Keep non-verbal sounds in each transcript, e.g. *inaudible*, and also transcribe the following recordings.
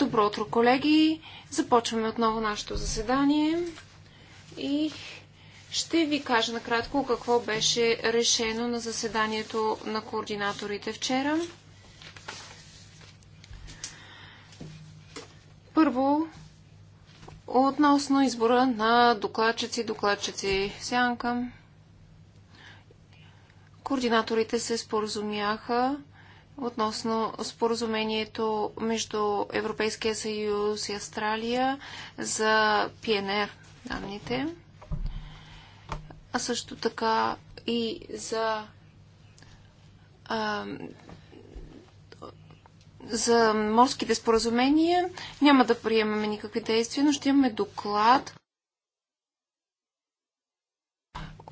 Добро утро, колеги! Започваме отново нашето заседание и ще ви кажа накратко какво беше решено на заседанието на координаторите вчера. Първо, относно избора на докладчици, докладчици сянка. Координаторите се споразумяха относно споразумението между Европейския съюз и Австралия за ПНР данните, а също така и за, а, за морските споразумения. Няма да приемаме никакви действия, но ще имаме доклад.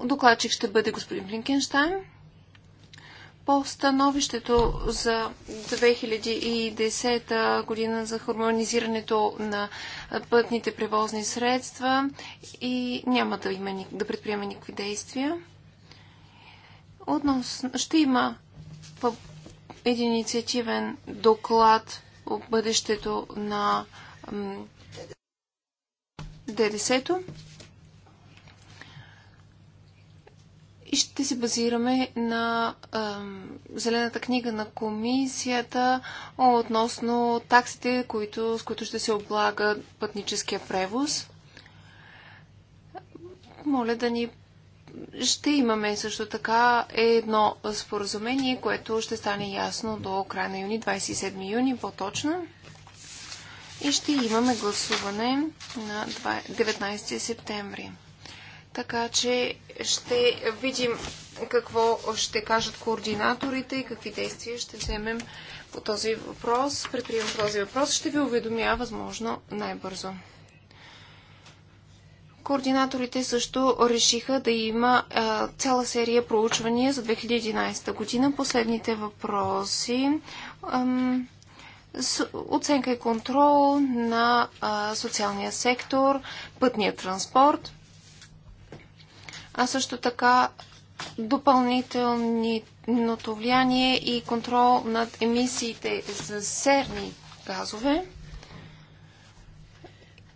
Докладчик ще бъде господин Блинкенштайн. По становището за 2010 година за хармонизирането на пътните превозни средства и няма да, има, да предприема никакви действия. Относно, ще има един инициативен доклад о бъдещето на ДДС-то И ще се базираме на а, зелената книга на комисията относно таксите, които, с които ще се облага пътническия превоз. Моля да ни. Ще имаме също така едно споразумение, което ще стане ясно до края на юни, 27 юни по-точно. И ще имаме гласуване на 19 септември. Така че ще видим какво ще кажат координаторите и какви действия ще вземем по този въпрос. Предприемам този въпрос. Ще ви уведомя възможно най-бързо. Координаторите също решиха да има а, цяла серия проучвания за 2011 година. Последните въпроси. Ам, с, оценка и контрол на а, социалния сектор, пътния транспорт – а също така допълнителното влияние и контрол над емисиите за серни газове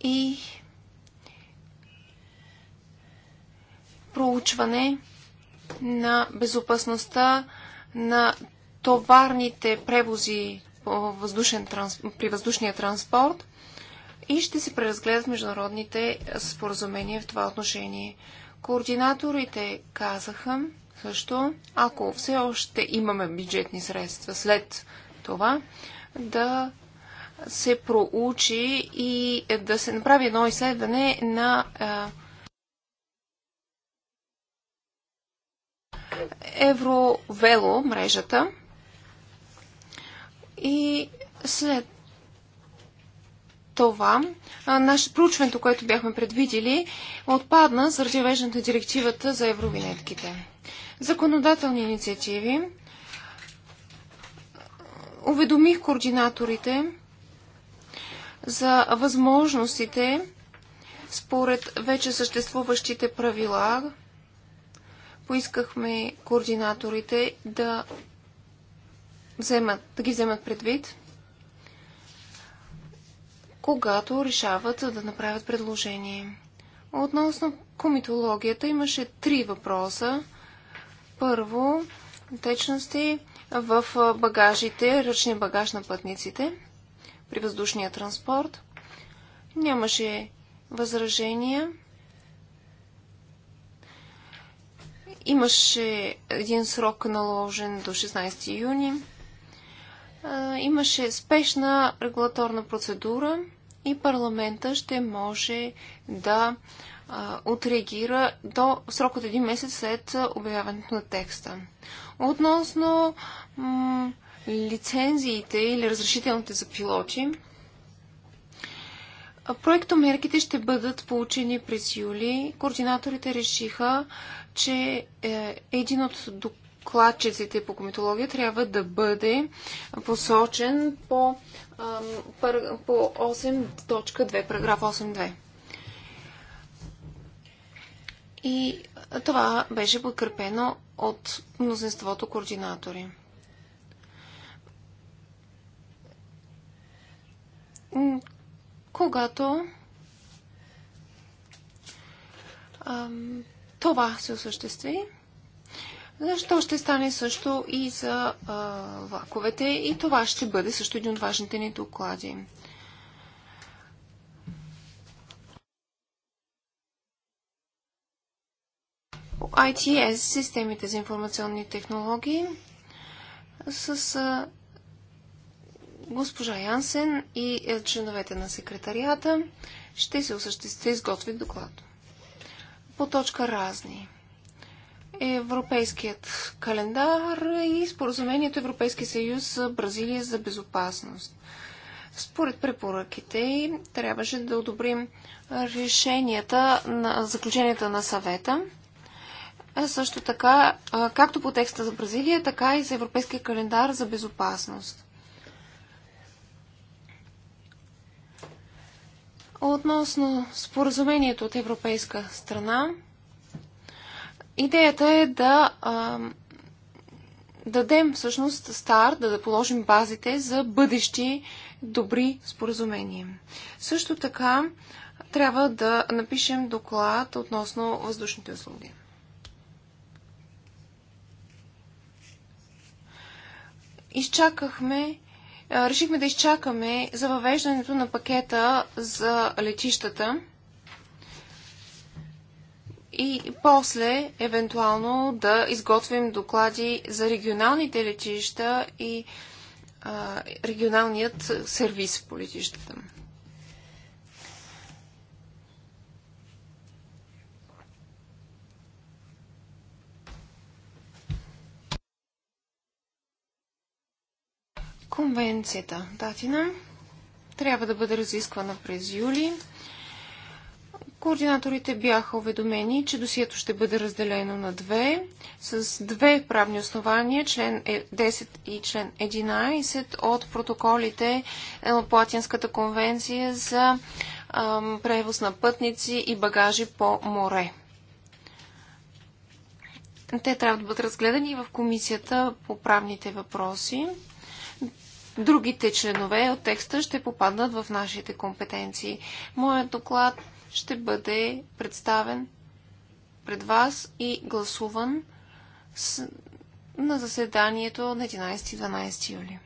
и проучване на безопасността на товарните превози при въздушния транспорт и ще се преразгледат международните споразумения в това отношение. Координаторите казаха също, ако все още имаме бюджетни средства след това, да се проучи и да се направи едно изследване на Евровело мрежата и след това, проучването, което бяхме предвидили, отпадна заради веждането на директивата за евровинетките. Законодателни инициативи. Уведомих координаторите за възможностите според вече съществуващите правила. Поискахме координаторите да, вземат, да ги вземат предвид когато решават да направят предложение. Относно комитологията имаше три въпроса. Първо, течности в багажите, ръчния багаж на пътниците при въздушния транспорт. Нямаше възражения. Имаше един срок наложен до 16 юни имаше спешна регулаторна процедура и парламента ще може да отреагира до срок от един месец след обявяването на текста. Относно лицензиите или разрешителните за пилоти, Проектомерките ще бъдат получени през юли. Координаторите решиха, че е, един от докладчиците по кометология трябва да бъде посочен по, по 8.2, параграф 8.2. И това беше подкрепено от мнозинството координатори. Когато ам, това се осъществи, защо ще стане също и за а, влаковете и това ще бъде също един от важните ни доклади. ITS, системите за информационни технологии, с а, госпожа Янсен и членовете на секретарията ще се осъществи изготви доклад. По точка разни европейският календар и споразумението Европейски съюз за Бразилия за безопасност. Според препоръките трябваше да одобрим решенията на заключенията на съвета. А също така, както по текста за Бразилия, така и за Европейския календар за безопасност. Относно споразумението от европейска страна, Идеята е да а, дадем всъщност старт, да, да положим базите за бъдещи добри споразумения. Също така трябва да напишем доклад относно въздушните услуги. Изчакахме, решихме да изчакаме за въвеждането на пакета за летищата – и после, евентуално, да изготвим доклади за регионалните летища и а, регионалният сервис по летищата. Конвенцията Датина трябва да бъде разисквана през юли. Координаторите бяха уведомени, че досието ще бъде разделено на две, с две правни основания, член 10 е, и член 11 от протоколите е, по Атинската конвенция за превоз на пътници и багажи по море. Те трябва да бъдат разгледани в комисията по правните въпроси. Другите членове от текста ще попаднат в нашите компетенции. Моят доклад ще бъде представен пред вас и гласуван с... на заседанието на 11-12 юли.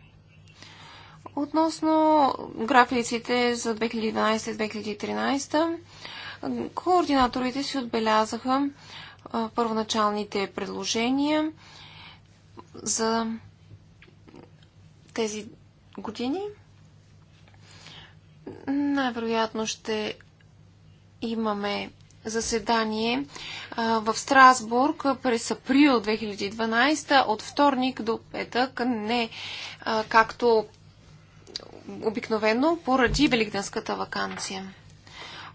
Относно графиците за 2012-2013, координаторите си отбелязаха а, първоначалните предложения за тези години. Най-вероятно ще имаме заседание в Страсбург през април 2012 от вторник до петък, не както обикновено поради великденската вакансия.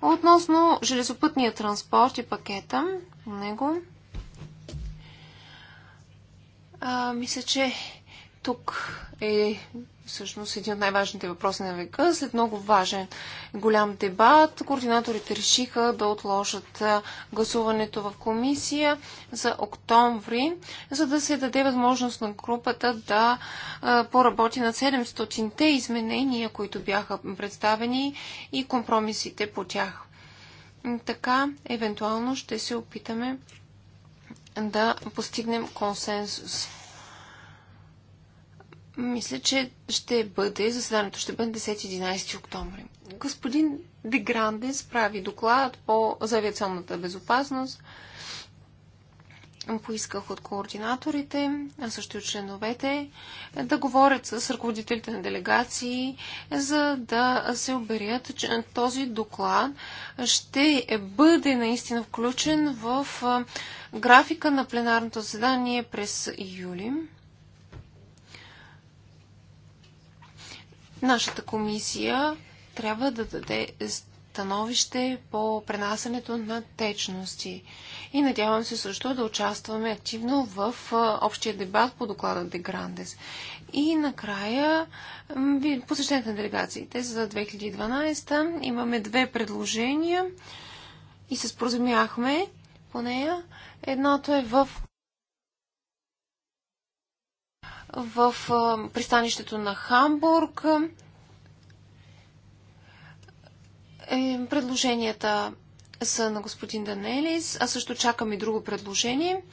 Относно железопътния транспорт и пакета, на него, а, мисля, че тук е всъщност един от най-важните въпроси на века. След много важен голям дебат, координаторите решиха да отложат гласуването в комисия за октомври, за да се даде възможност на групата да поработи на 700-те изменения, които бяха представени и компромисите по тях. Така, евентуално ще се опитаме да постигнем консенсус. Мисля, че ще бъде, заседанието ще бъде 10-11 октомври. Господин Деграндес прави доклад по, за авиационната безопасност. Поисках от координаторите, а също и от членовете, да говорят с ръководителите на делегации, за да се уверят, че този доклад ще бъде наистина включен в графика на пленарното заседание през юли. Нашата комисия трябва да даде становище по пренасенето на течности. И надявам се също да участваме активно в общия дебат по доклада Де Грандес. И накрая посещението на делегациите за 2012 имаме две предложения и се споразумяхме по нея. Едното е в в пристанището на Хамбург. Е, предложенията са на господин Данелис, а също чакам и друго предложение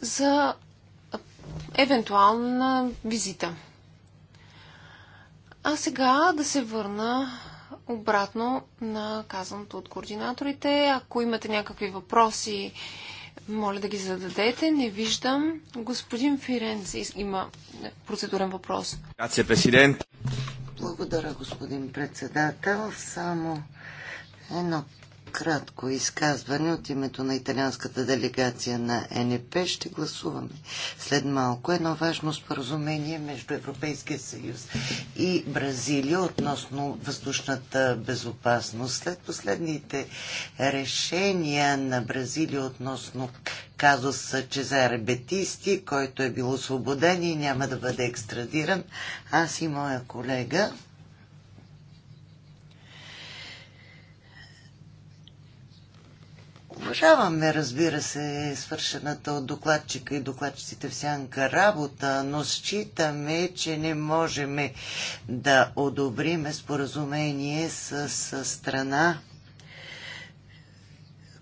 за евентуална визита. А сега да се върна обратно на казаното от координаторите. Ако имате някакви въпроси моля да ги зададете. Не виждам. Господин Фиренц има процедурен въпрос. Грация, президент. Благодаря, господин председател. Само едно кратко изказване от името на италианската делегация на НП. Ще гласуваме след малко едно важно споразумение между Европейския съюз и Бразилия относно въздушната безопасност. След последните решения на Бразилия относно казуса Чезаре Бетисти, който е бил освободен и няма да бъде екстрадиран, аз и моя колега Уважаваме, разбира се, свършената от докладчика и докладчиците в сянка работа, но считаме, че не можем да одобриме споразумение с, с страна,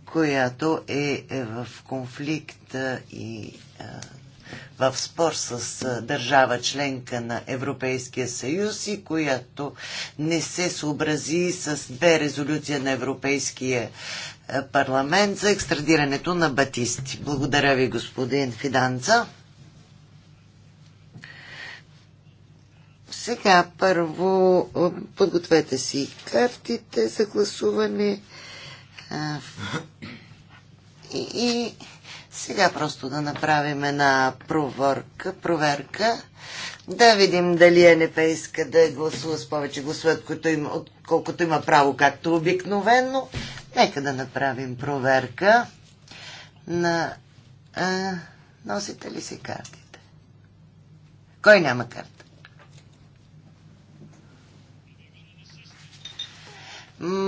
която е, е в конфликт и в спор с държава членка на Европейския съюз и която не се съобрази с две резолюция на Европейския парламент за екстрадирането на Батисти. Благодаря ви, господин Фиданца. Сега първо подгответе си картите за гласуване. И, и сега просто да направим една проверка, проверка. Да видим дали НП иска да гласува с повече гласове, отколкото има, отколкото има право, както обикновено. Нека да направим проверка на... А, носите ли си картите? Кой няма карта?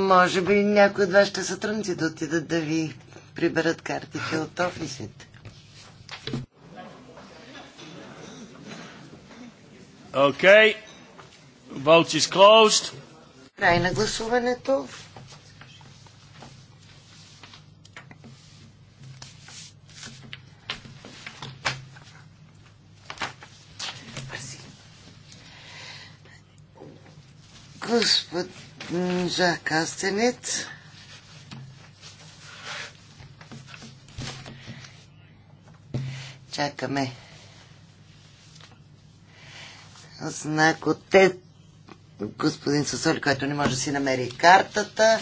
Може би някои от вашите сътрудници да отидат да ви приберат картите от офисите. Окей. Okay. Vote is closed. Край на гласуването. Госпожа Кастенец. Чакаме. Знак от те, господин Сосоли, който не може да си намери картата.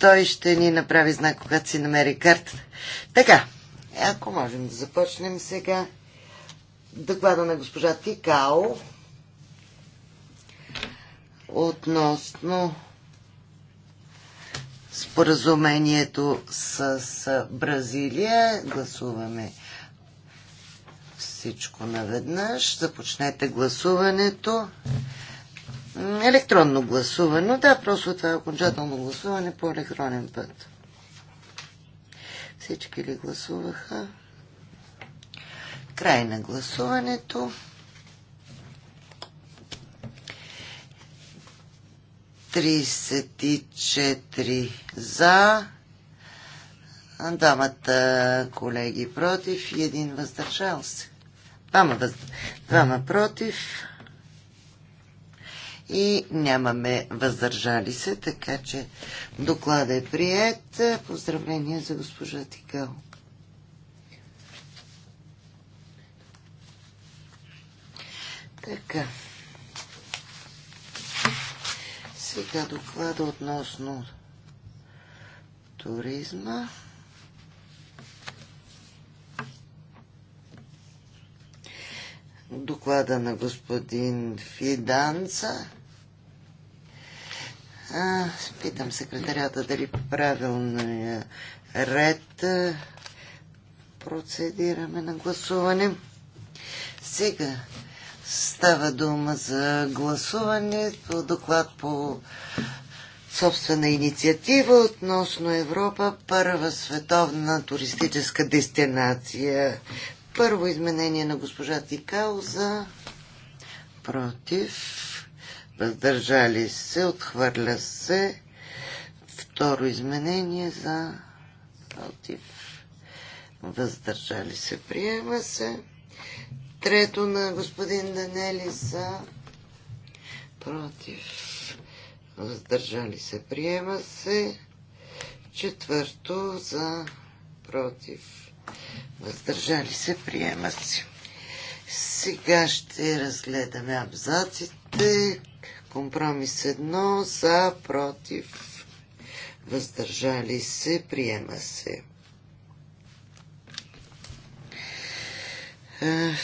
Той ще ни направи знак, когато си намери картата. Така, ако можем да започнем сега. Доклада на госпожа Тикао относно споразумението с, Бразилия. Гласуваме всичко наведнъж. Започнете гласуването. Електронно гласуване. Да, просто това е окончателно гласуване по електронен път. Всички ли гласуваха? Край на гласуването. 34 за, двамата колеги против и един въздържал се. Двама, въз... двама против и нямаме въздържали се, така че доклада е прият. Поздравление за госпожа Тикал. Така. Сега доклада относно туризма. Доклада на господин Фиданца. А, питам секретарята дали по правилния ред процедираме на гласуване. Сега Става дума за гласуване по доклад по собствена инициатива относно Европа, първа световна туристическа дестинация. Първо изменение на госпожа Тикал за против. Въздържали се, отхвърля се. Второ изменение за против. Въздържали се, приема се. Трето на господин Данели за против. Въздържали се. Приема се. Четвърто за против. Въздържали се. Приема се. Сега ще разгледаме абзаците. Компромис едно за против. Въздържали се. Приема се. Е,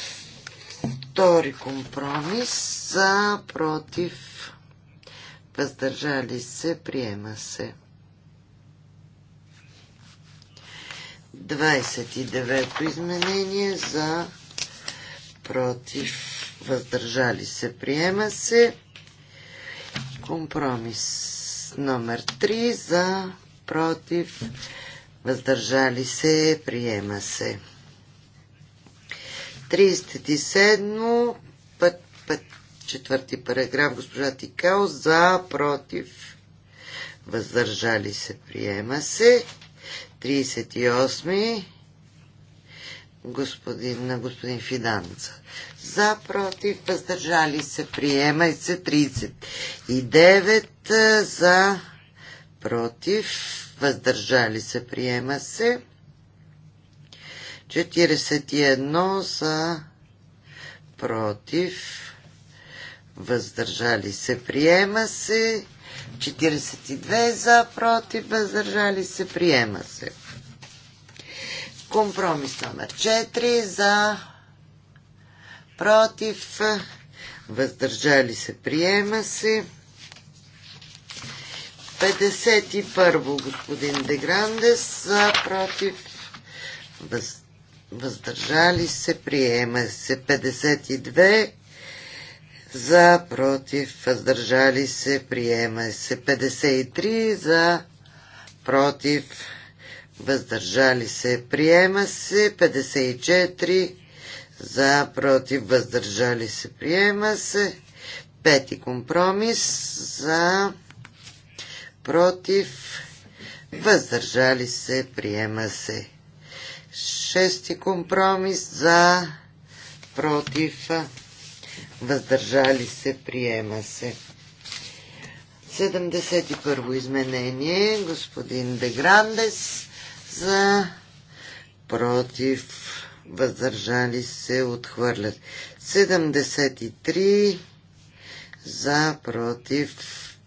Втори компромис за, против, въздържали се, приема се. 29-то изменение за против въздържали се приема се компромис номер 3 за против въздържали се приема се 37 път, път, четвърти параграф, госпожа Тикао, за, против, въздържали се, приема се. 38 господин, на господин Фиданца. За, против, въздържали се, приема и се 39 за, против, въздържали се, приема се. 41 за против въздържали се приема се 42 за против въздържали се приема се компромис номер 4 за против въздържали се приема се 51 господин Деграндес за против въздържали въздържали се, приема се 52, за, против, въздържали се, приема се 53, за, против, въздържали се, приема се 54, за, против, въздържали се, приема се пети компромис, за, против, въздържали се, приема се Шести компромис за против въздържали се, приема се. 71 изменение, господин Деграндес за против въздържали се, отхвърлят. 73 за против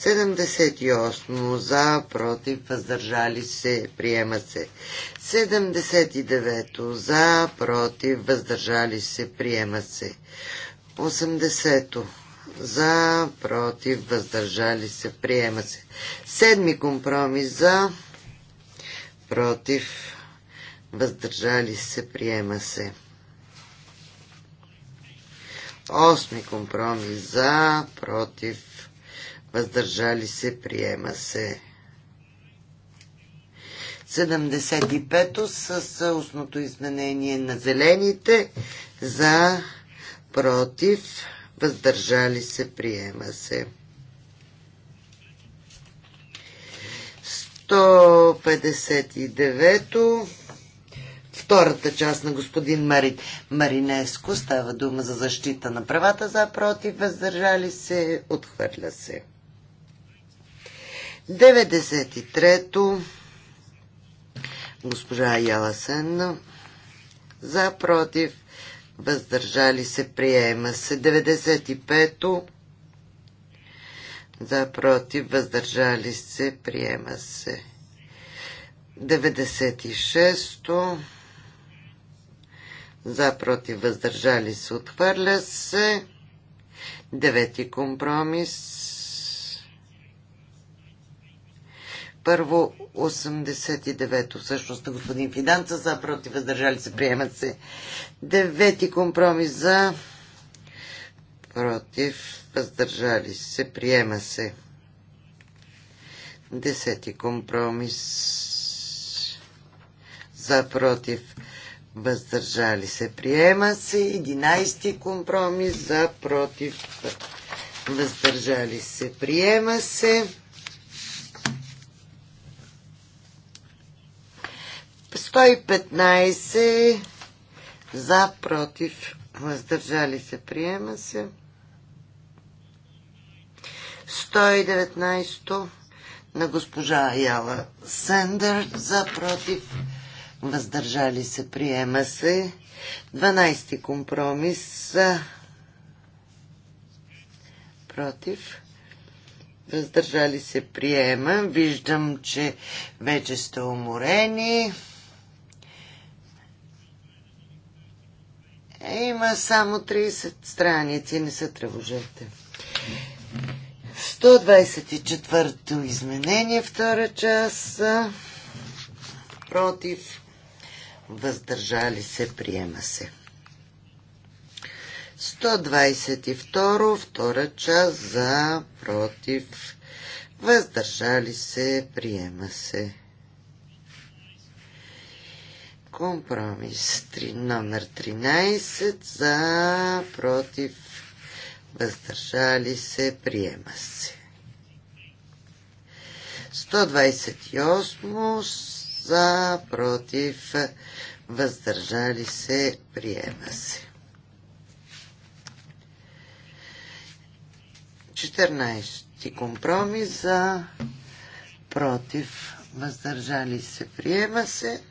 78 за, против, въздържали се, приема се. 79 за, против, въздържали се, приема се. 80 за, против, въздържали се, приема се. Седми компромис за, против, въздържали се, приема се. Осми компромис за, против, въздържали се, приема се. 75-то с устното изменение на зелените за против, въздържали се, приема се. 159-то втората част на господин Мари... Маринеско става дума за защита на правата за против, въздържали се, отхвърля се. 93-то. Госпожа Яла Сенна. За, против, въздържали се, приема се. 95-то. За, против, въздържали се, приема се. 96-то. За, против, въздържали се, отхвърля се. Девети компромис Първо 89-то, всъщност на господин Фиданца, за против въздържали се, приемат се. Девети компромис за против въздържали се, приема се. Десети компромис за против въздържали се, приема се. Единайсти компромис за против въздържали се, приема се. 115 за, против, въздържали се, приема се. 119 на госпожа Яла Сендър за, против, въздържали се, приема се. 12 компромис за, против, въздържали се, приема. Виждам, че вече сте уморени. Има само 30 страници, не се тревожете. 124-то изменение, втора част. Против. Въздържали се, приема се. 122, втора част за, против, въздържали се, приема се. Компромис 3, номер 13 за против въздържали се, приема се. 128 за против въздържали се, приема се. 14 компромис за против въздържали се, приема се.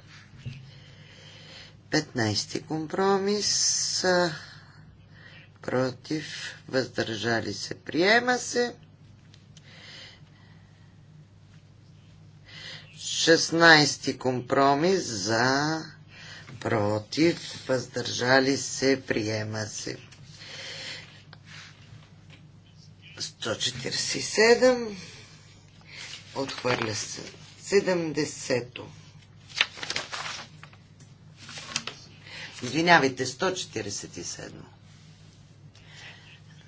15 компромис против, въздържали се, приема се. 16 компромис за, против, въздържали се, приема се. 147 отхвърля се. 70 Извинявайте, 147.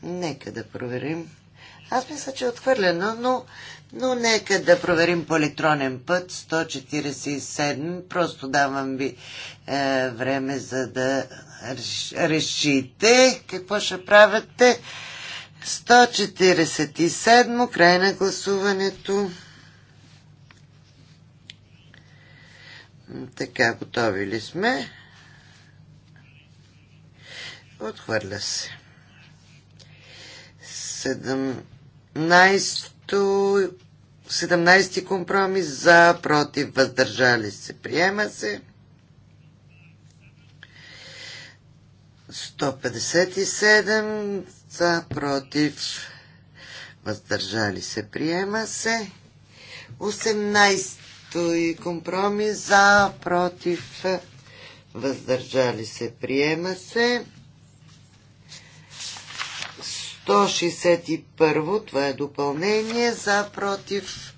Нека да проверим. Аз мисля, че е отхвърлено, но, но нека да проверим по електронен път 147. Просто давам ви е, време за да решите какво ще правите. 147. Край на гласуването. Така, готови ли сме? Отхвърля се. 17 компромис за, против, въздържали се. Приема се. 157 за, против, въздържали се. Приема се. 18 компромис за, против, въздържали се. Приема се. 161. Това е допълнение. За, против,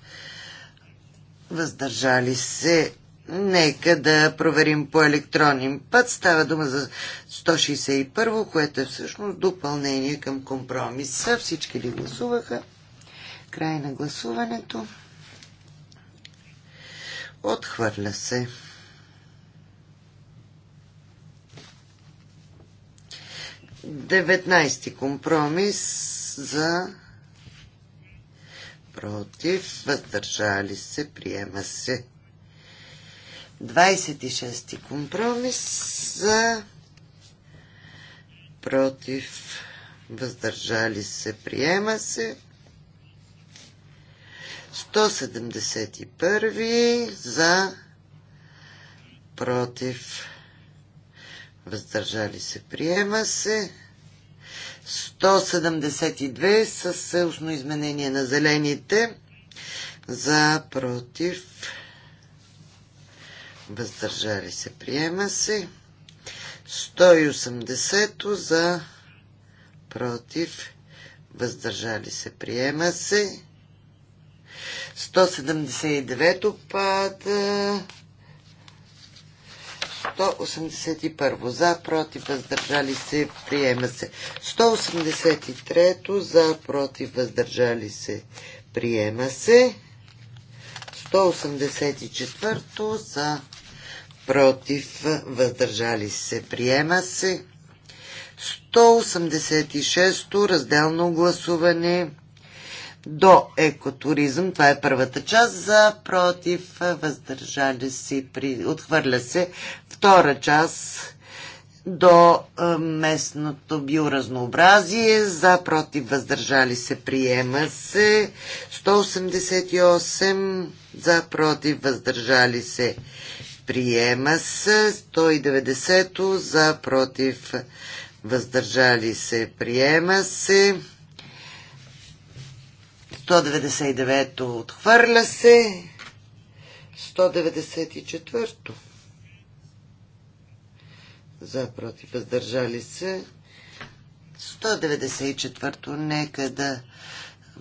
въздържали се. Нека да проверим по електронен път. Става дума за 161, което е всъщност допълнение към компромиса. Всички ли гласуваха? Край на гласуването. Отхвърля се. 19 компромис за против, въздържали се, приема се. 26 компромис за против, въздържали се, приема се. 171 за против, въздържали се, приема се. 172 с устно изменение на зелените. За, против, въздържали се, приема се. 180 за, против, въздържали се, приема се. 179 пада. 181 за, против, въздържали се, приема се. 183 за, против, въздържали се, приема се. 184 за, против, въздържали се, приема се. 186 разделно гласуване до екотуризъм. Това е първата част. За, против, въздържали си, при, отхвърля се. Втора част до е, местното биоразнообразие. За, против, въздържали се, приема се. 188. За, против, въздържали се, приема се. 190. За, против, въздържали се, приема се. 199-то отхвърля се. 194-то. За, против, въздържали се. 194-то. Нека да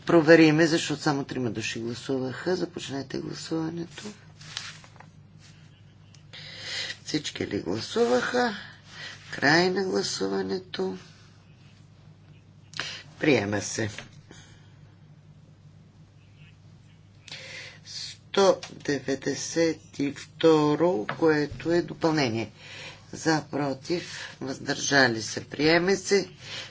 провериме, защото само трима души гласуваха. Започнете гласуването. Всички ли гласуваха? Край на гласуването. Приема се. 192, което е допълнение. За, против, въздържали се, приеме се.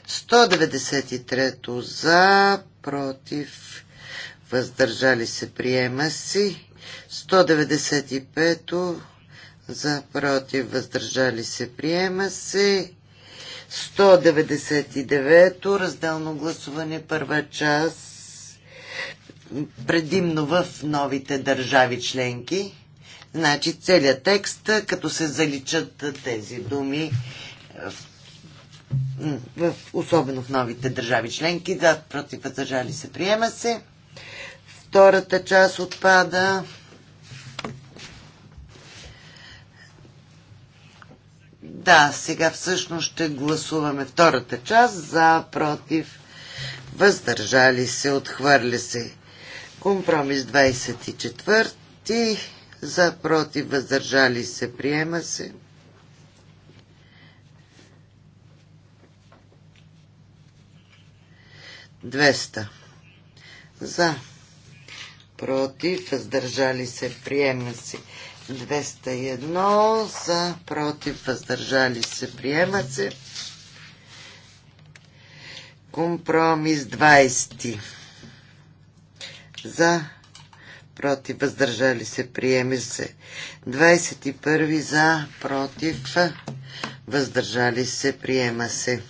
193 за, против, въздържали се, приема си. 195 за, против, въздържали се, приема се. 199 разделно гласуване, първа част предимно в новите държави членки. Значи целият текст, като се заличат тези думи, е, в, особено в новите държави членки, да, против въздържали се, приема се. Втората част отпада. Да, сега всъщност ще гласуваме втората част за, против, въздържали се, отхвърля се. Компромис 24. За против въздържали се. Приема се. Двеста. За. Против. Въздържали се. Приема се. 201. За. Против. Въздържали се. Приема се. Компромис 20 за, против, въздържали се, приеми се. 21 за, против, въздържали се, приема се.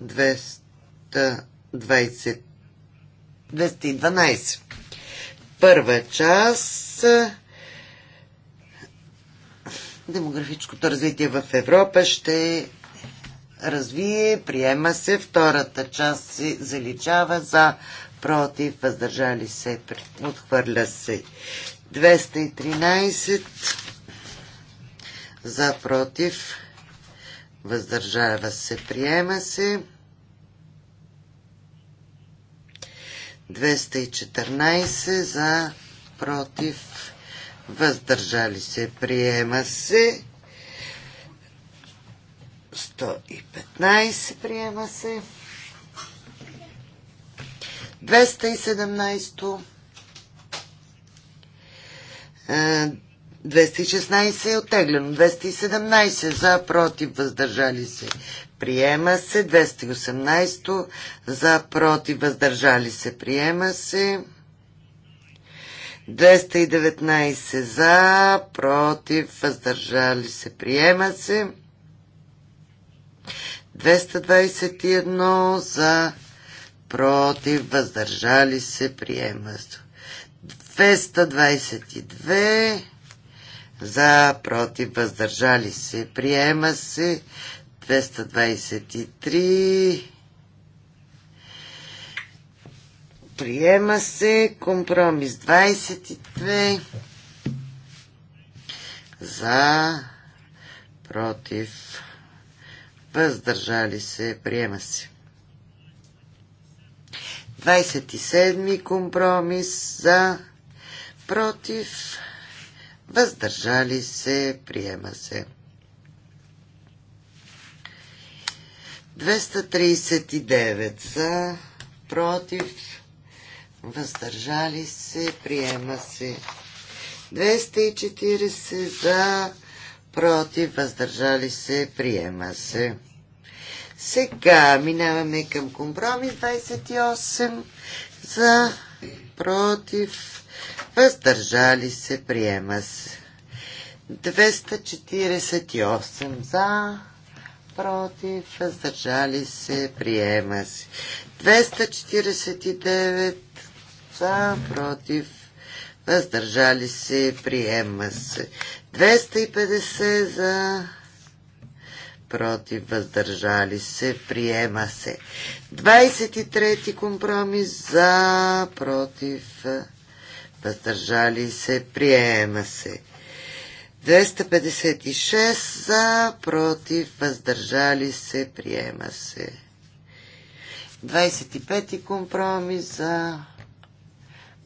Двеста 212. Първа част демографическото развитие в Европа ще развие, приема се, втората част се заличава за, против, въздържали се, отхвърля се. 213 за, против, въздържава се, приема се. 214 за, против, въздържали се, приема се. 115 приема се. 217 216 е, е оттеглено. 217 за, против, въздържали се. Приема се. 218 за, против, въздържали се. Приема се. 219 за, против, въздържали се. Приема се. 221 за против, въздържали се, приема. 222 за против, въздържали се, приема се. 223 приема се. Компромис 22 за против въздържали се, приема се. 27 компромис за, против, въздържали се, приема се. 239 за, против, въздържали се, приема се. 240 за, против, въздържали се, приема се. Сега минаваме към компромис 28 за против въздържали се приема се. 248 за против въздържали се приема се. 249 за против въздържали се приема се. 250 за против, въздържали се, приема се. 23 компромис за, против, въздържали се, приема се. 256 за, против, въздържали се, приема се. 25 компромис за,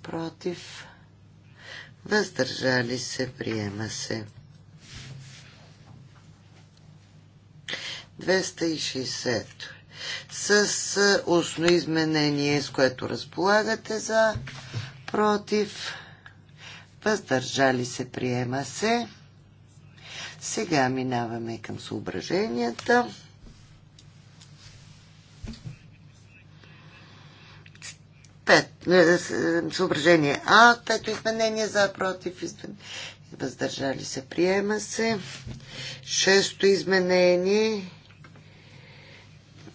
против, въздържали се, приема се. 260 с устно изменение, с което разполагате за против. Въздържали се, приема се. Сега минаваме към съображенията. Пет, е, е, съображение А, пето изменение за против, въздържали се, приема се. Шесто изменение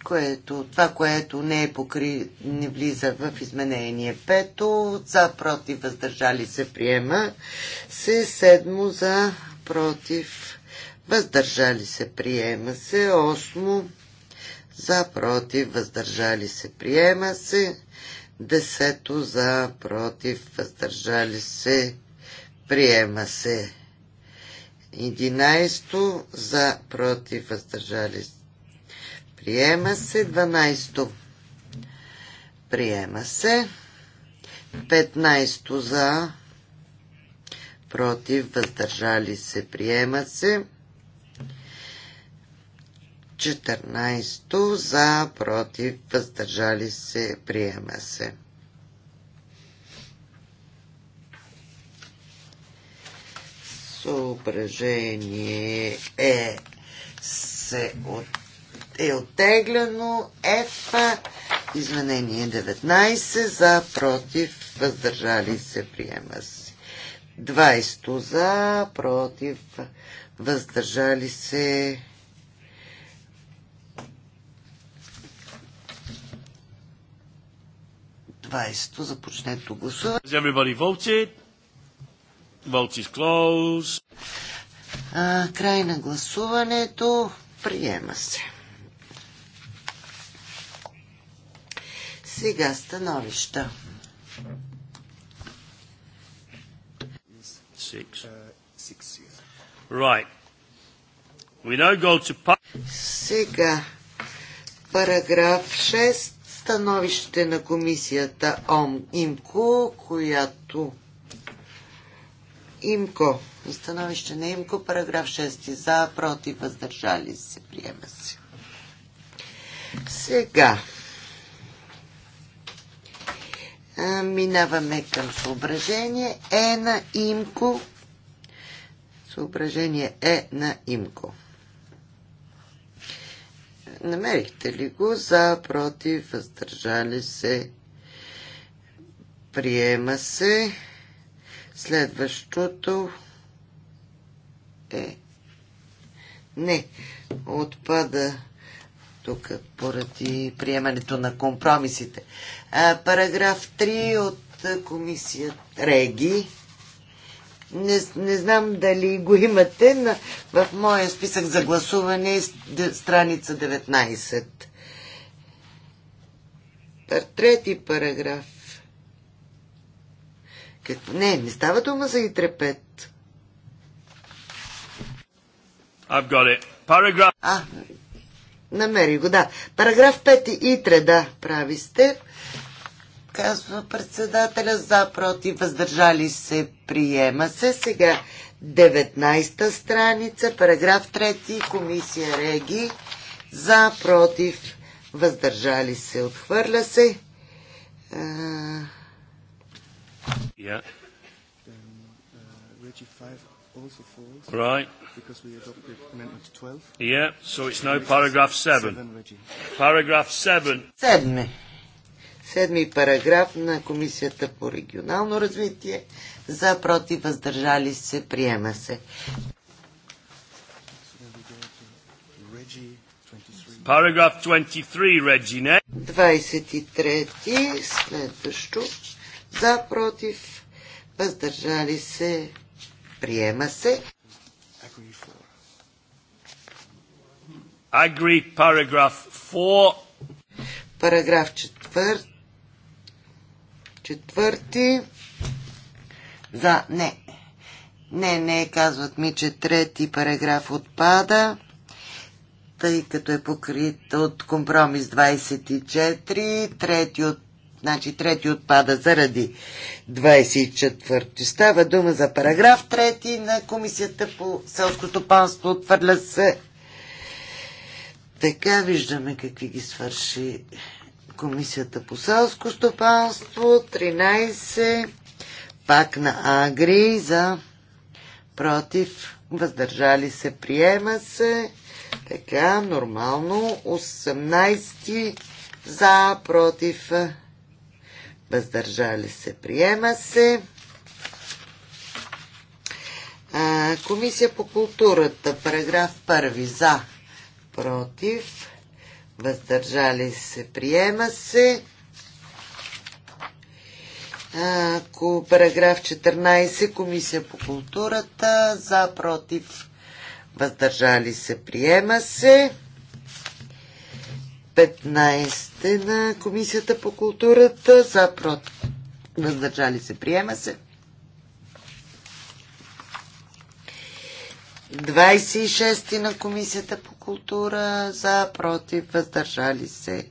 което, това, което не е покри, не влиза в изменение. Пето, за против въздържали се приема. Се седмо за против въздържали се приема се. Осмо за против въздържали се приема се. Десето за против въздържали се приема се. Единайсто за против въздържали се. Приема се 12-то. Приема се 15-то за против, въздържали се, приема се. 14 за, против, въздържали се, приема се. Съображение е се от е оттеглено. F. Изменение 19. За, против, въздържали се, приема се. 20 за, против, въздържали се. Двайсто, започнете гласуване. Everybody voted. Vote is closed. А, край на гласуването. Приема се. Сега становища. Right. We Сега, параграф 6, становище на комисията ОМ ИМКО, която ИМКО, становище на ИМКО, параграф 6, за, против, въздържали се, приема се. Сега, Минаваме към съображение Е на имко. Съображение Е на имко. Намерихте ли го? За, против, въздържали се. Приема се. Следващото е. Не. Отпада тук поради приемането на компромисите. А, параграф 3 от комисията Реги. Не, не знам дали го имате, но в моя списък за гласуване е страница 19. Трети параграф. Какво? Не, не става дума за и трепет. I've got it. Paragraph. А, Намери го, да. Параграф 5 и 3, да, прави сте. Казва председателя за, против, въздържали се, приема се. Сега 19-та страница, параграф 3, комисия Реги, за, против, въздържали се, отхвърля се. А... Yeah. Right because we adopted amendment 12. Yeah, so it's now paragraph 7. Paragraph 7. Седми. Седми параграф на Комисията по регионално развитие. За, против, въздържали се, приема се. Параграф 23, Реджи, не? 23, следващо. За, против, въздържали се, приема се. Agri, paragraph 4. Параграф Четвърти. За не. Не, не, казват ми, че трети параграф отпада, тъй като е покрит от компромис 24, трети от Значи трети отпада заради 24. Става дума за параграф трети на Комисията по селското панство Отвърля се така виждаме какви ги свърши Комисията по селско стопанство. 13. Пак на Агри за против. Въздържали се. Приема се. Така, нормално. 18. За против. Въздържали се. Приема се. А, комисия по културата. Параграф 1. За против, въздържали се, приема се. Ако параграф 14, Комисия по културата, за, против, въздържали се, приема се. 15 на Комисията по културата, за, против, въздържали се, приема се. 26 на Комисията по култура за, против, въздържали се,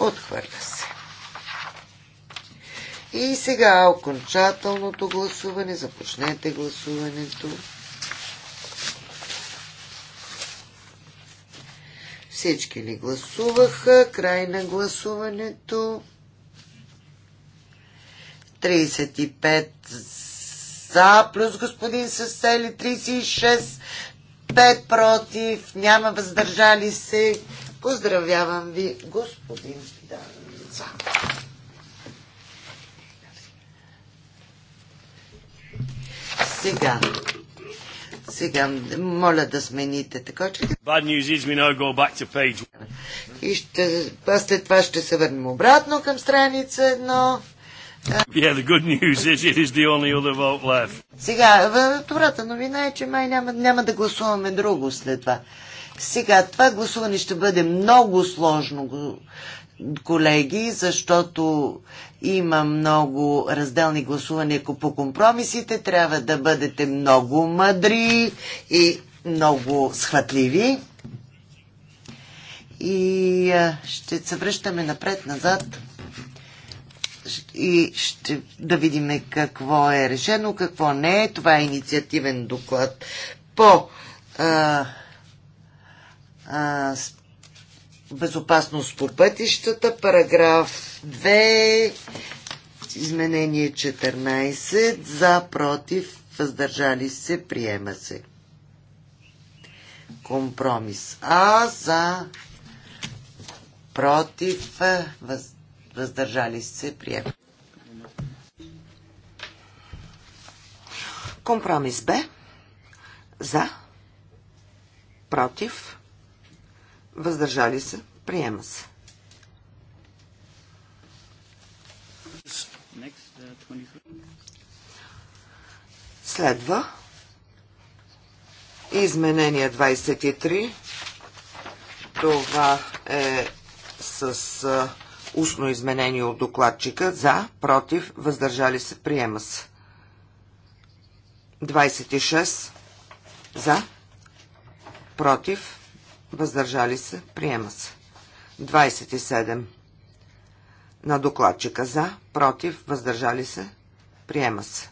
отхвърля се. И сега окончателното гласуване. Започнете гласуването. Всички ли гласуваха? Край на гласуването. 35 за, плюс господин Сесели 36, 5 против, няма въздържали се. Поздравявам ви, господин Данца. Сега. Сега, моля да смените така, че... Bad news is we now go back to page. И ще, след това ще се върнем обратно към страница едно. Yeah, the good news is it is the only other vote left. Сега, добрата новина е, че май няма, няма да гласуваме друго след това. Сега, това гласуване ще бъде много сложно, колеги, защото има много разделни гласувания по компромисите. Трябва да бъдете много мъдри и много схватливи. И ще се връщаме напред-назад и ще да видим какво е решено, какво не е. Това е инициативен доклад по а, а, безопасност по пътищата, параграф 2, изменение 14, за, против, въздържали се, приема се. Компромис. А за, против, въздържали въздържали се, приема. Компромис Б. За. Против. Въздържали се. Приема се. Следва изменение 23. Това е с Устно изменение от докладчика. За, против, въздържали се, приема се. 26. За, против, въздържали се, приема се. 27. На докладчика за, против, въздържали се, приема се.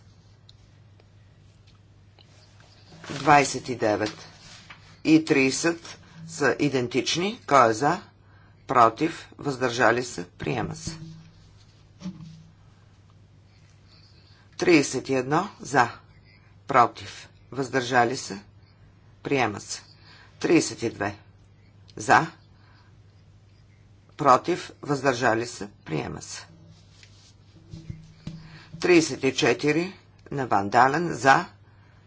29 и 30 са идентични. Кой е за? против, въздържали се, приема се. 31 за, против, въздържали се, приема се. 32 за, против, въздържали се, приема се. 34 на Вандален за,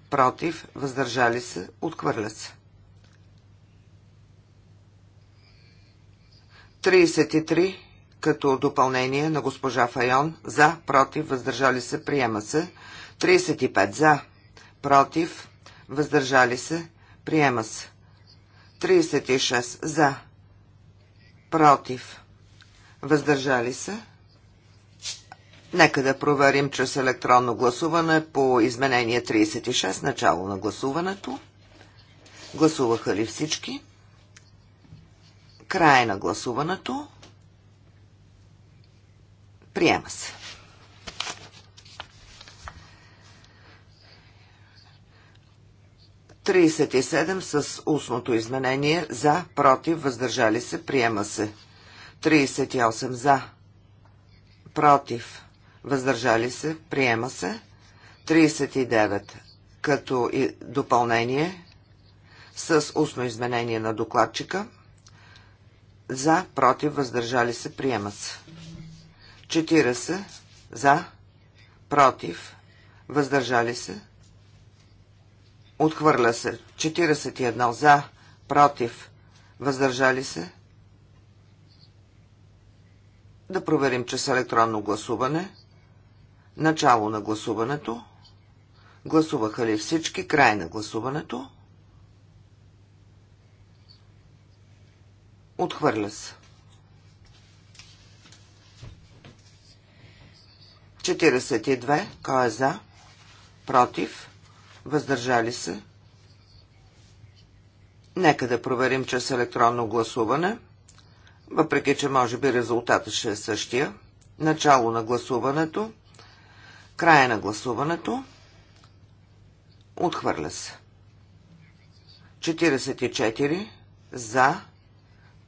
против, въздържали се, отхвърля се. 33 като допълнение на госпожа Файон за, против, въздържали се, приема се. 35 за, против, въздържали се, приема се. 36 за, против, въздържали се. Нека да проверим чрез електронно гласуване по изменение 36, начало на гласуването. Гласуваха ли всички? Край на гласуването. Приема се. Тридесет и седем с устното изменение за, против, въздържали се, приема се. 38 за, против, въздържали се, приема се. 39 като и допълнение с устно изменение на докладчика за, против, въздържали се, приема се. 40 за, против, въздържали се, отхвърля се. 41 за, против, въздържали се. Да проверим, че с електронно гласуване. Начало на гласуването. Гласуваха ли всички? Край на гласуването. Отхвърля се. 42. Кой е за? Против? Въздържали се? Нека да проверим чрез електронно гласуване, въпреки че може би резултатът ще е същия. Начало на гласуването, края на гласуването, отхвърля се. 44 за,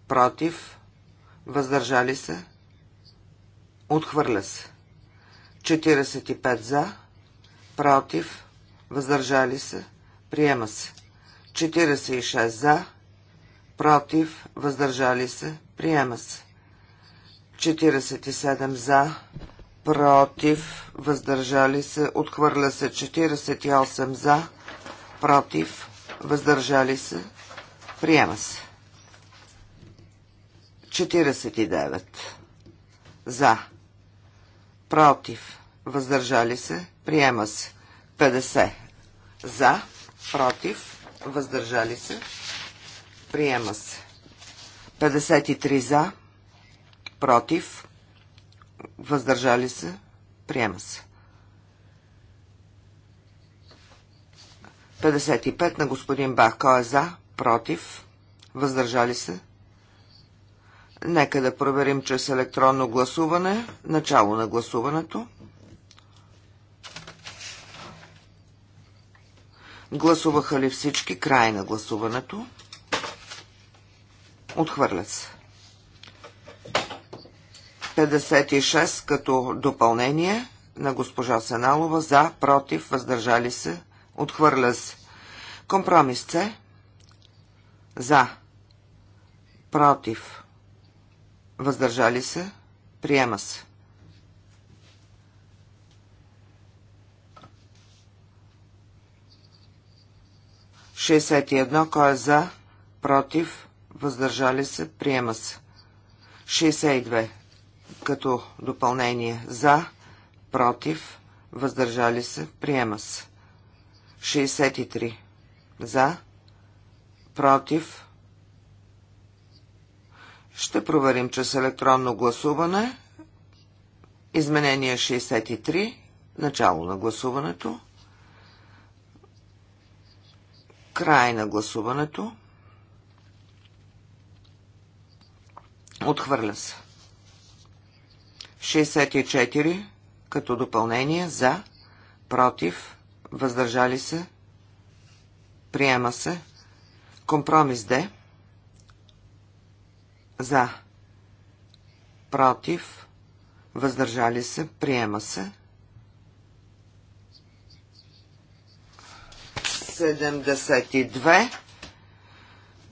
против, въздържали се, отхвърля се. 45 за, против, въздържали се, приема се. 46 за, против, въздържали се, приема се. 47 за, против, въздържали се, отхвърля се. 48 за, против, въздържали се, приема се. 49. За. Против. Въздържали се. Приема се. 50. За. Против. Въздържали се. Приема се. 53 за. Против. Въздържали се. Приема се. 55 на господин Бах. Кой е за? Против. Въздържали се. Нека да проверим чрез електронно гласуване. Начало на гласуването. Гласуваха ли всички? Край на гласуването. Отхвърля се. 56 като допълнение на госпожа Сеналова за, против, въздържали се, отхвърля се. Компромис С за, против, Въздържали се? Приема се. Шестдесет и едно. Кой е за? Против? Въздържали се? Приема се. 62 като допълнение за, против, въздържали се, приема се. 63 за, против, ще проверим чрез електронно гласуване. Изменение 63. Начало на гласуването. Край на гласуването. Отхвърля се. 64 като допълнение за, против, въздържали се, приема се, компромис Д за. Против. Въздържали се. Приема се. 72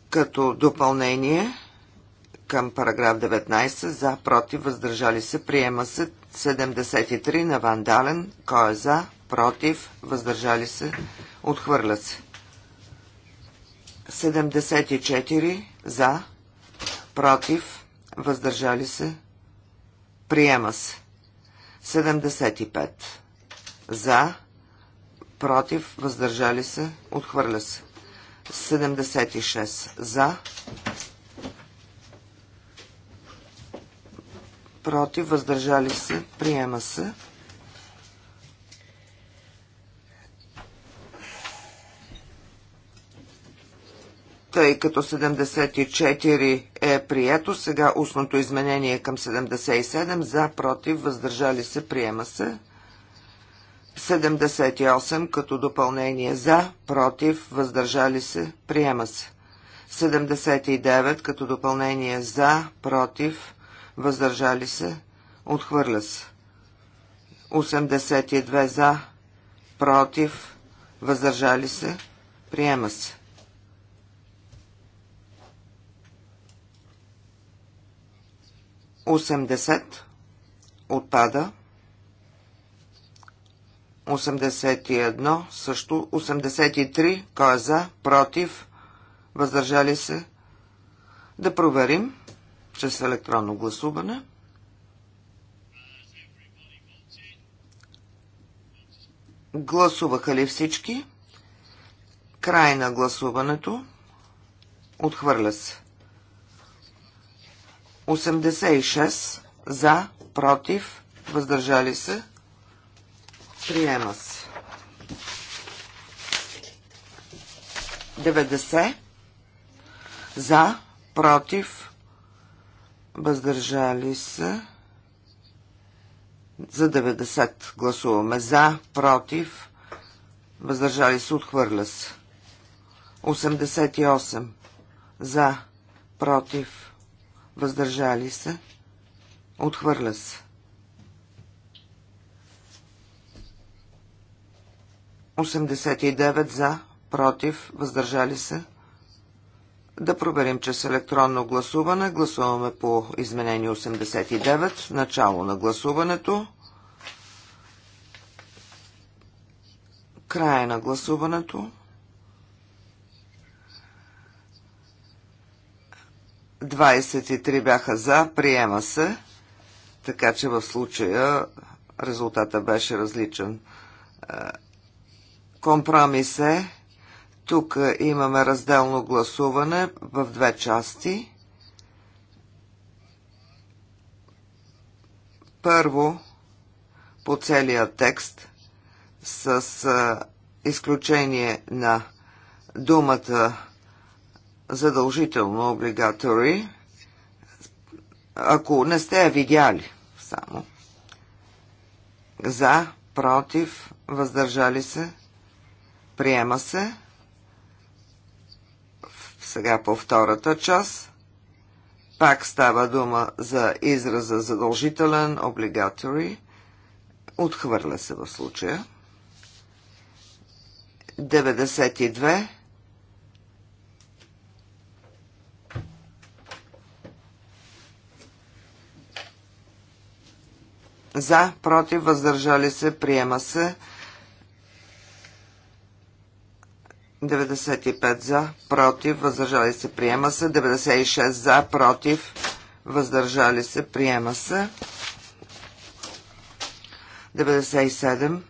като допълнение към параграф 19 за, против, въздържали се, приема се 73 на Вандален, кой е за, против, въздържали се, отхвърля се. 74 за, против, въздържали се, приема се. 75. За, против, въздържали се, отхвърля се. 76. За, против, въздържали се, приема се. тъй като 74 е прието, сега устното изменение към 77, за, против, въздържали се, приема се. 78 като допълнение за, против, въздържали се, приема се. 79 като допълнение за, против, въздържали се, отхвърля се. 82 за, против, въздържали се, приема се. 80 отпада. 81 също. 83 кой е за, против, въздържали се. Да проверим чрез електронно гласуване. Гласуваха ли всички? Край на гласуването. Отхвърля се. 86 за, против, въздържали се, приема се. 90 за, против, въздържали се. За 90 гласуваме за, против, въздържали се, отхвърля се. 88 за, против, въздържали се, отхвърля се. 89 за, против, въздържали се. Да проверим, че с електронно гласуване гласуваме по изменение 89, начало на гласуването, края на гласуването. 23 бяха за, приема се, така че в случая резултата беше различен. Е, компромис е, тук имаме разделно гласуване в две части. Първо, по целия текст, с е, изключение на думата задължително obligatory, ако не сте я видяли само. За, против, въздържали се, приема се. Сега по втората част. Пак става дума за израза задължителен, obligatory. Отхвърля се в случая. 92 За, против, въздържали се, приема се. 95 за, против, въздържали се, приема се. 96 за, против, въздържали се, приема се. 97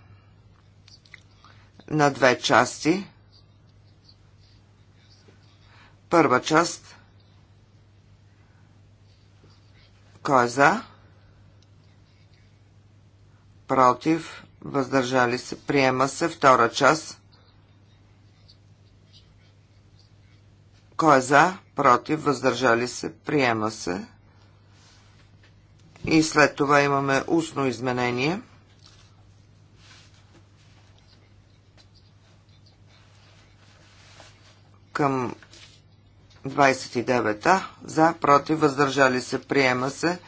на две части. Първа част. Кой е за? против, въздържали се, приема се. Втора част. Кой е за, против, въздържали се, приема се. И след това имаме устно изменение. Към 29-та. За, против, въздържали се, приема се.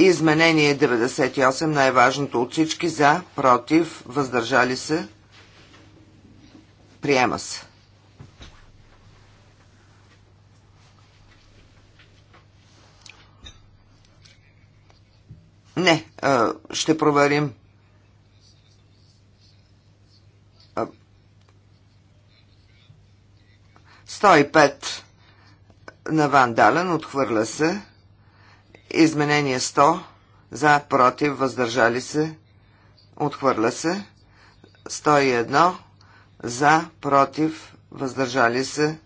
Изменение 98, най-важното от всички, за, против, въздържали се, приема се. Не, ще проверим. Сто пет на Дален, отхвърля се. Изменение 100. За, против, въздържали се. Отхвърля се. 101. За, против, въздържали се.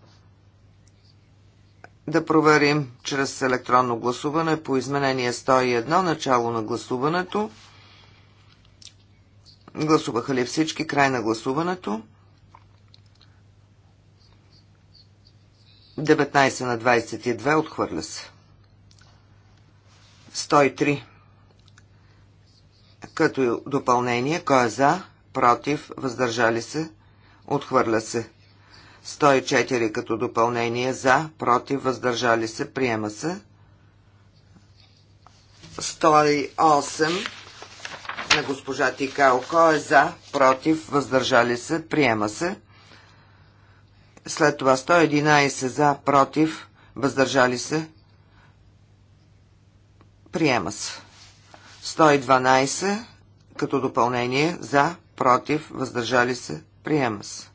Да проверим чрез електронно гласуване по изменение 101 начало на гласуването. Гласуваха ли всички край на гласуването? 19 на 22 отхвърля се. 103. Като допълнение, кой е за, против, въздържали се, отхвърля се. 104 като допълнение за, против, въздържали се, приема се. 108 на госпожа Тикао. Кой е за, против, въздържали се, приема се. След това 111 за, против, въздържали се, Приема се. 112 като допълнение за, против, въздържали се, приема се.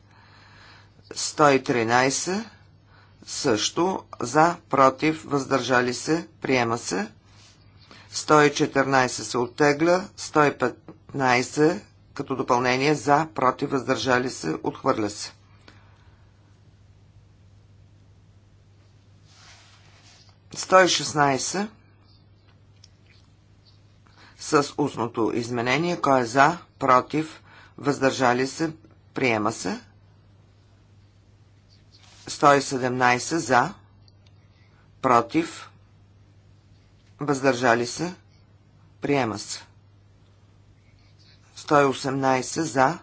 113 също за, против, въздържали се, приема се. 114 се оттегля, 115 като допълнение за, против, въздържали се, отхвърля се. Стой с устното изменение. Кой е за, против, въздържали се, приема се. 117 за, против, въздържали се, приема се. 118 за,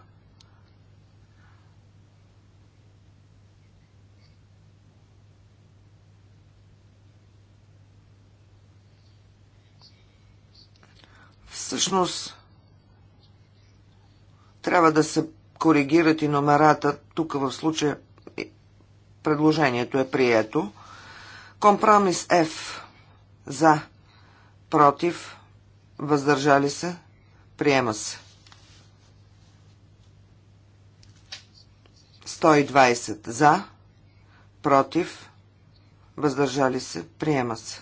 Всъщност, трябва да се коригират и номерата. Тук в случая предложението е прието. Компромис F за, против, въздържали се, приема се. 120 за, против, въздържали се, приема се.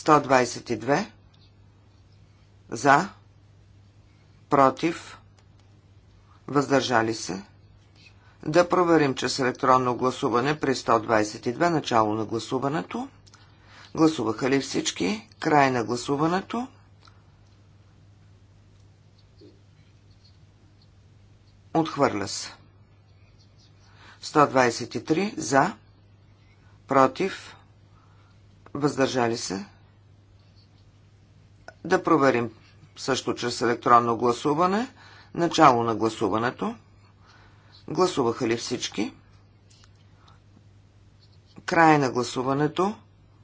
122 за, против, въздържали се. Да проверим, че с електронно гласуване при 122 начало на гласуването. Гласуваха ли всички? Край на гласуването. Отхвърля се. 123 за, против, въздържали се. Да проверим също чрез електронно гласуване. Начало на гласуването. Гласуваха ли всички? Край на гласуването.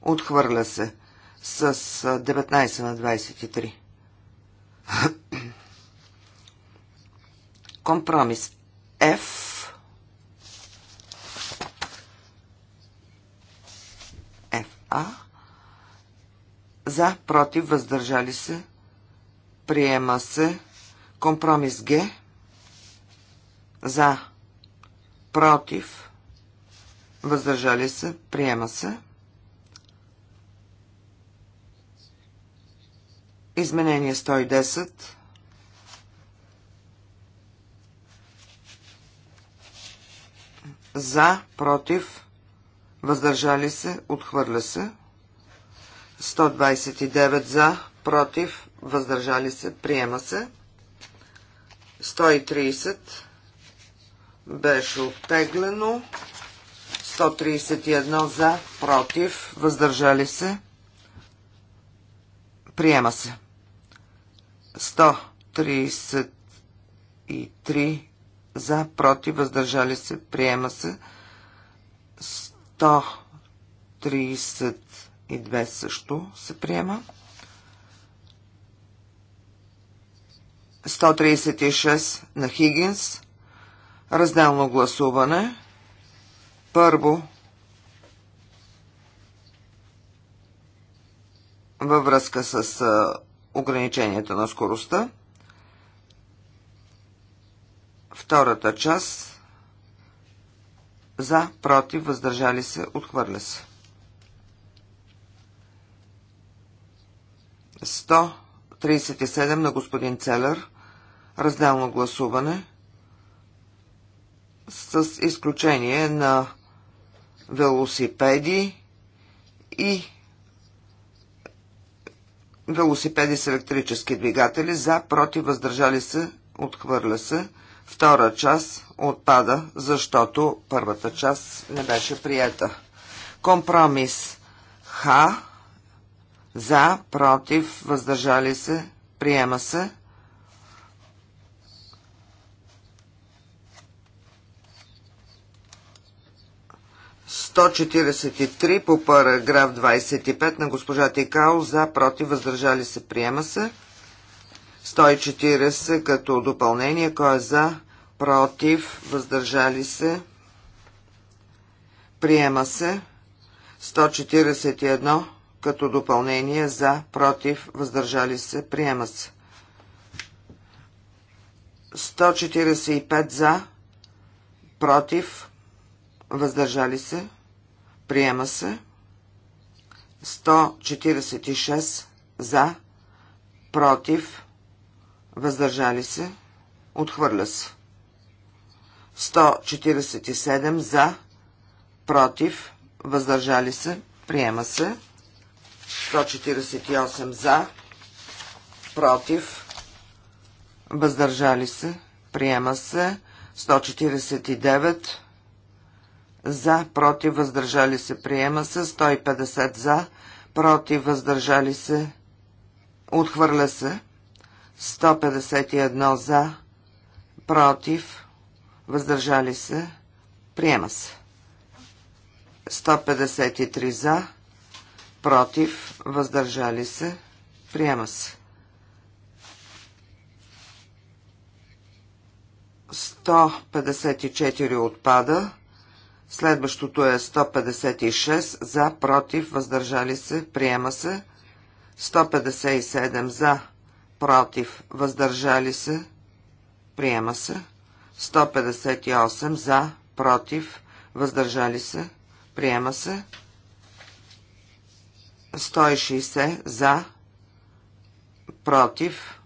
Отхвърля се с 19 на 23. *clears throat* Компромис F F -huh. За, против, въздържали се. Приема се. Компромис Г. За, против, въздържали се. Приема се. Изменение 110. За, против, въздържали се, отхвърля се. 129 за, против, въздържали се, приема се. 130 беше оттеглено. 131 за, против, въздържали се, приема се. 133 за, против, въздържали се, приема се. 130 и 2 също се приема. 136 на Хигинс. Разделно гласуване. Първо във връзка с ограниченията на скоростта. Втората част за, против, въздържали се, отхвърля се. 137 на господин Целер. Разделно гласуване. С изключение на велосипеди и велосипеди с електрически двигатели, за, против, въздържали се, отхвърля се. Втора част отпада, защото първата част не беше приета. Компромис Х за, против, въздържали се, приема се. по параграф 25 на госпожа Тикао за против въздържали се приема се. 140 като допълнение, кой е за против въздържали се приема се. 141 като допълнение за, против, въздържали се, приема се. 145 за, против, въздържали се, приема се. 146 за, против, въздържали се, отхвърля се. 147 за, против, въздържали се, приема се. 148 за, против, въздържали се, приема се. 149 за, против, въздържали се, приема се. 150 за, против, въздържали се, отхвърля се. 151 за, против, въздържали се, приема се. 153 за, против, въздържали се, приема се. 154 отпада. Следващото е 156 за, против, въздържали се, приема се. 157 за, против, въздържали се, приема се. 158 за, против, въздържали се, приема се. 160 за, против,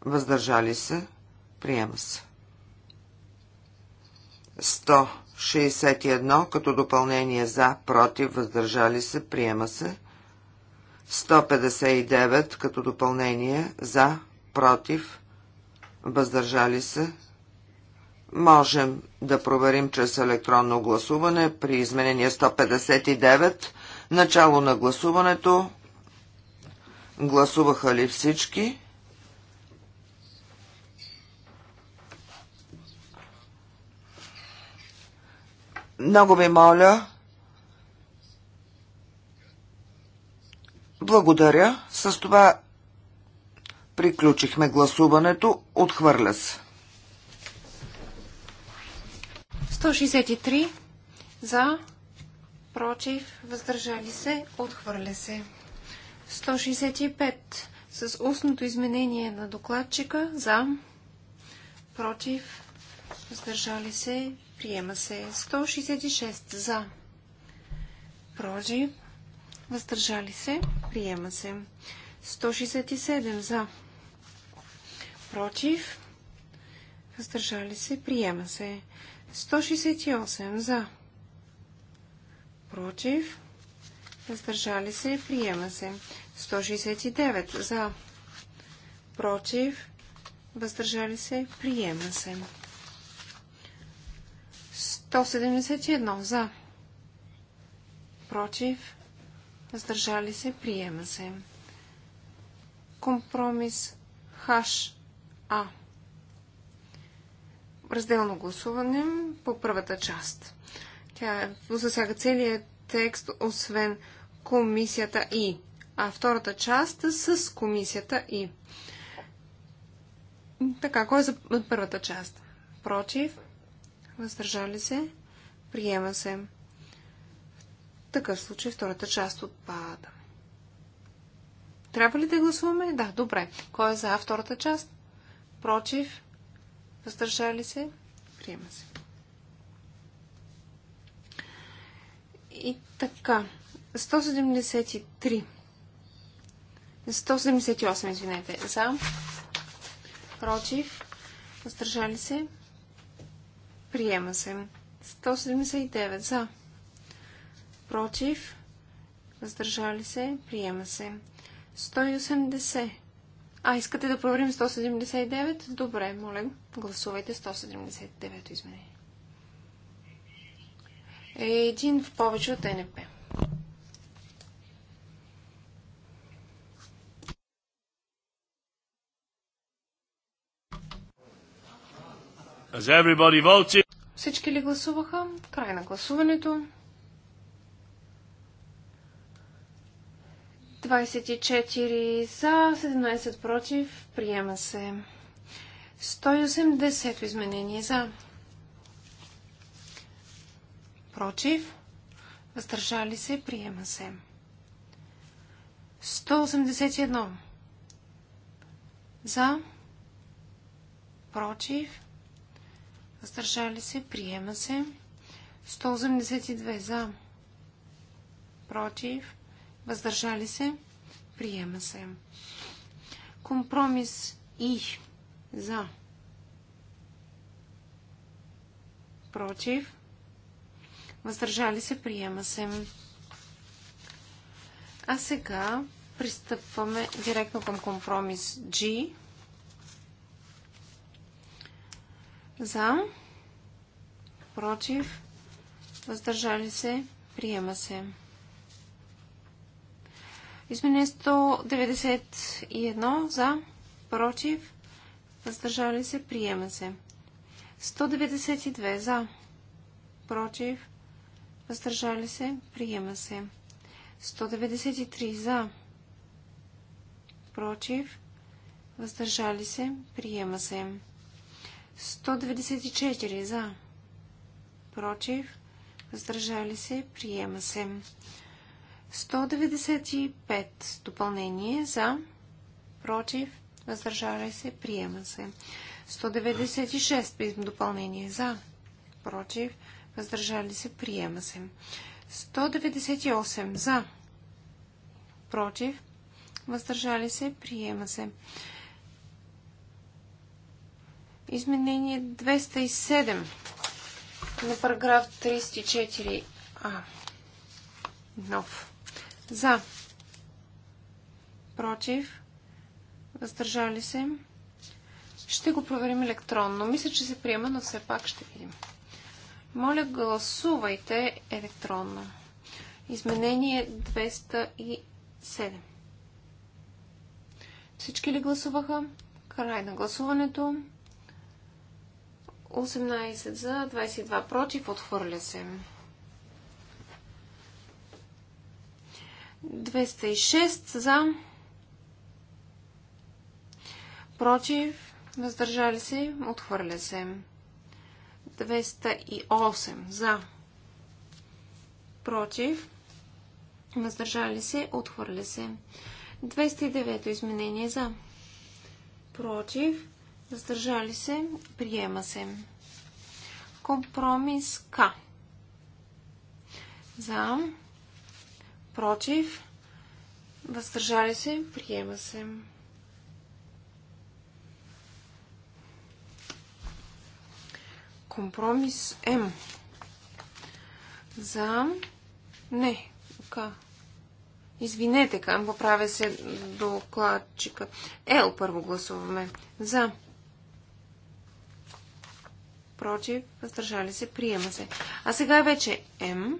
въздържали се, приема се. 161 като допълнение за, против, въздържали се, приема се. 159 като допълнение за, против, въздържали се. Можем да проверим чрез електронно гласуване при изменение 159. Начало на гласуването. Гласуваха ли всички? Много ви моля. Благодаря. С това приключихме гласуването. Отхвърля се. 163 за против, въздържали се, отхвърля се. 165 с устното изменение на докладчика за, против, въздържали се, приема се. 166 за, против, въздържали се, приема се. 167 за, против, въздържали се, приема се. 168 за, против, против, въздържали се, приема се. 169 за, против, въздържали се, приема се. 171 за, против, въздържали се, приема се. Компромис ХА. Разделно гласуване по първата част. Тя засяга целият текст, освен комисията и. А втората част е с комисията и. Така, кой е за първата част? Против? Въздържали се? Приема се. В такъв случай втората част отпада. Трябва ли да гласуваме? Да, добре. Кой е за втората част? Против? Въздържали се? Приема се. И така, 173. 178, извинете. За. Против. Въздържали се. Приема се. 179. За. Против. Въздържали се. Приема се. 180. А, искате да проверим 179? Добре, моля, гласувайте 179 изменение е един в повече от НП. Всички ли гласуваха? Край на гласуването. 24 за, 17 против. Приема се. 180 изменение за против, въздържали се, приема се. 181 за, против, въздържали се, приема се. 182 за, против, въздържали се, приема се. Компромис и за, против, въздържали се, приема се. А сега пристъпваме директно към компромис G. За, против, въздържали се, приема се. Измене 191 за, против, въздържали се, приема се. 192 за, против, въздържали се, приема се. 193 за, против, въздържали се, приема се. 194 за, против, въздържали се, приема се. 195 допълнение за, против, въздържали се, приема се. 196 допълнение за, против, въздържали се, приема се. 198 за, против, въздържали се, приема се. Изменение 207 на параграф 34а. Нов. За. Против. Въздържали се. Ще го проверим електронно. Мисля, че се приема, но все пак ще видим. Моля, гласувайте електронно. Изменение 207. Всички ли гласуваха? Край на гласуването. 18 за, 22 против, отхвърля се. 206 за, против, въздържали се, отхвърля се. 208 за, против, въздържали се, отхвърля се. 209 изменение за, против, въздържали се, приема се. Компромис К. За, против, въздържали се, приема се. Компромис М. За... Не, така. Извинете, кам, поправя се докладчика. Л първо гласуваме. За. Против, въздържали се, приема се. А сега е вече М.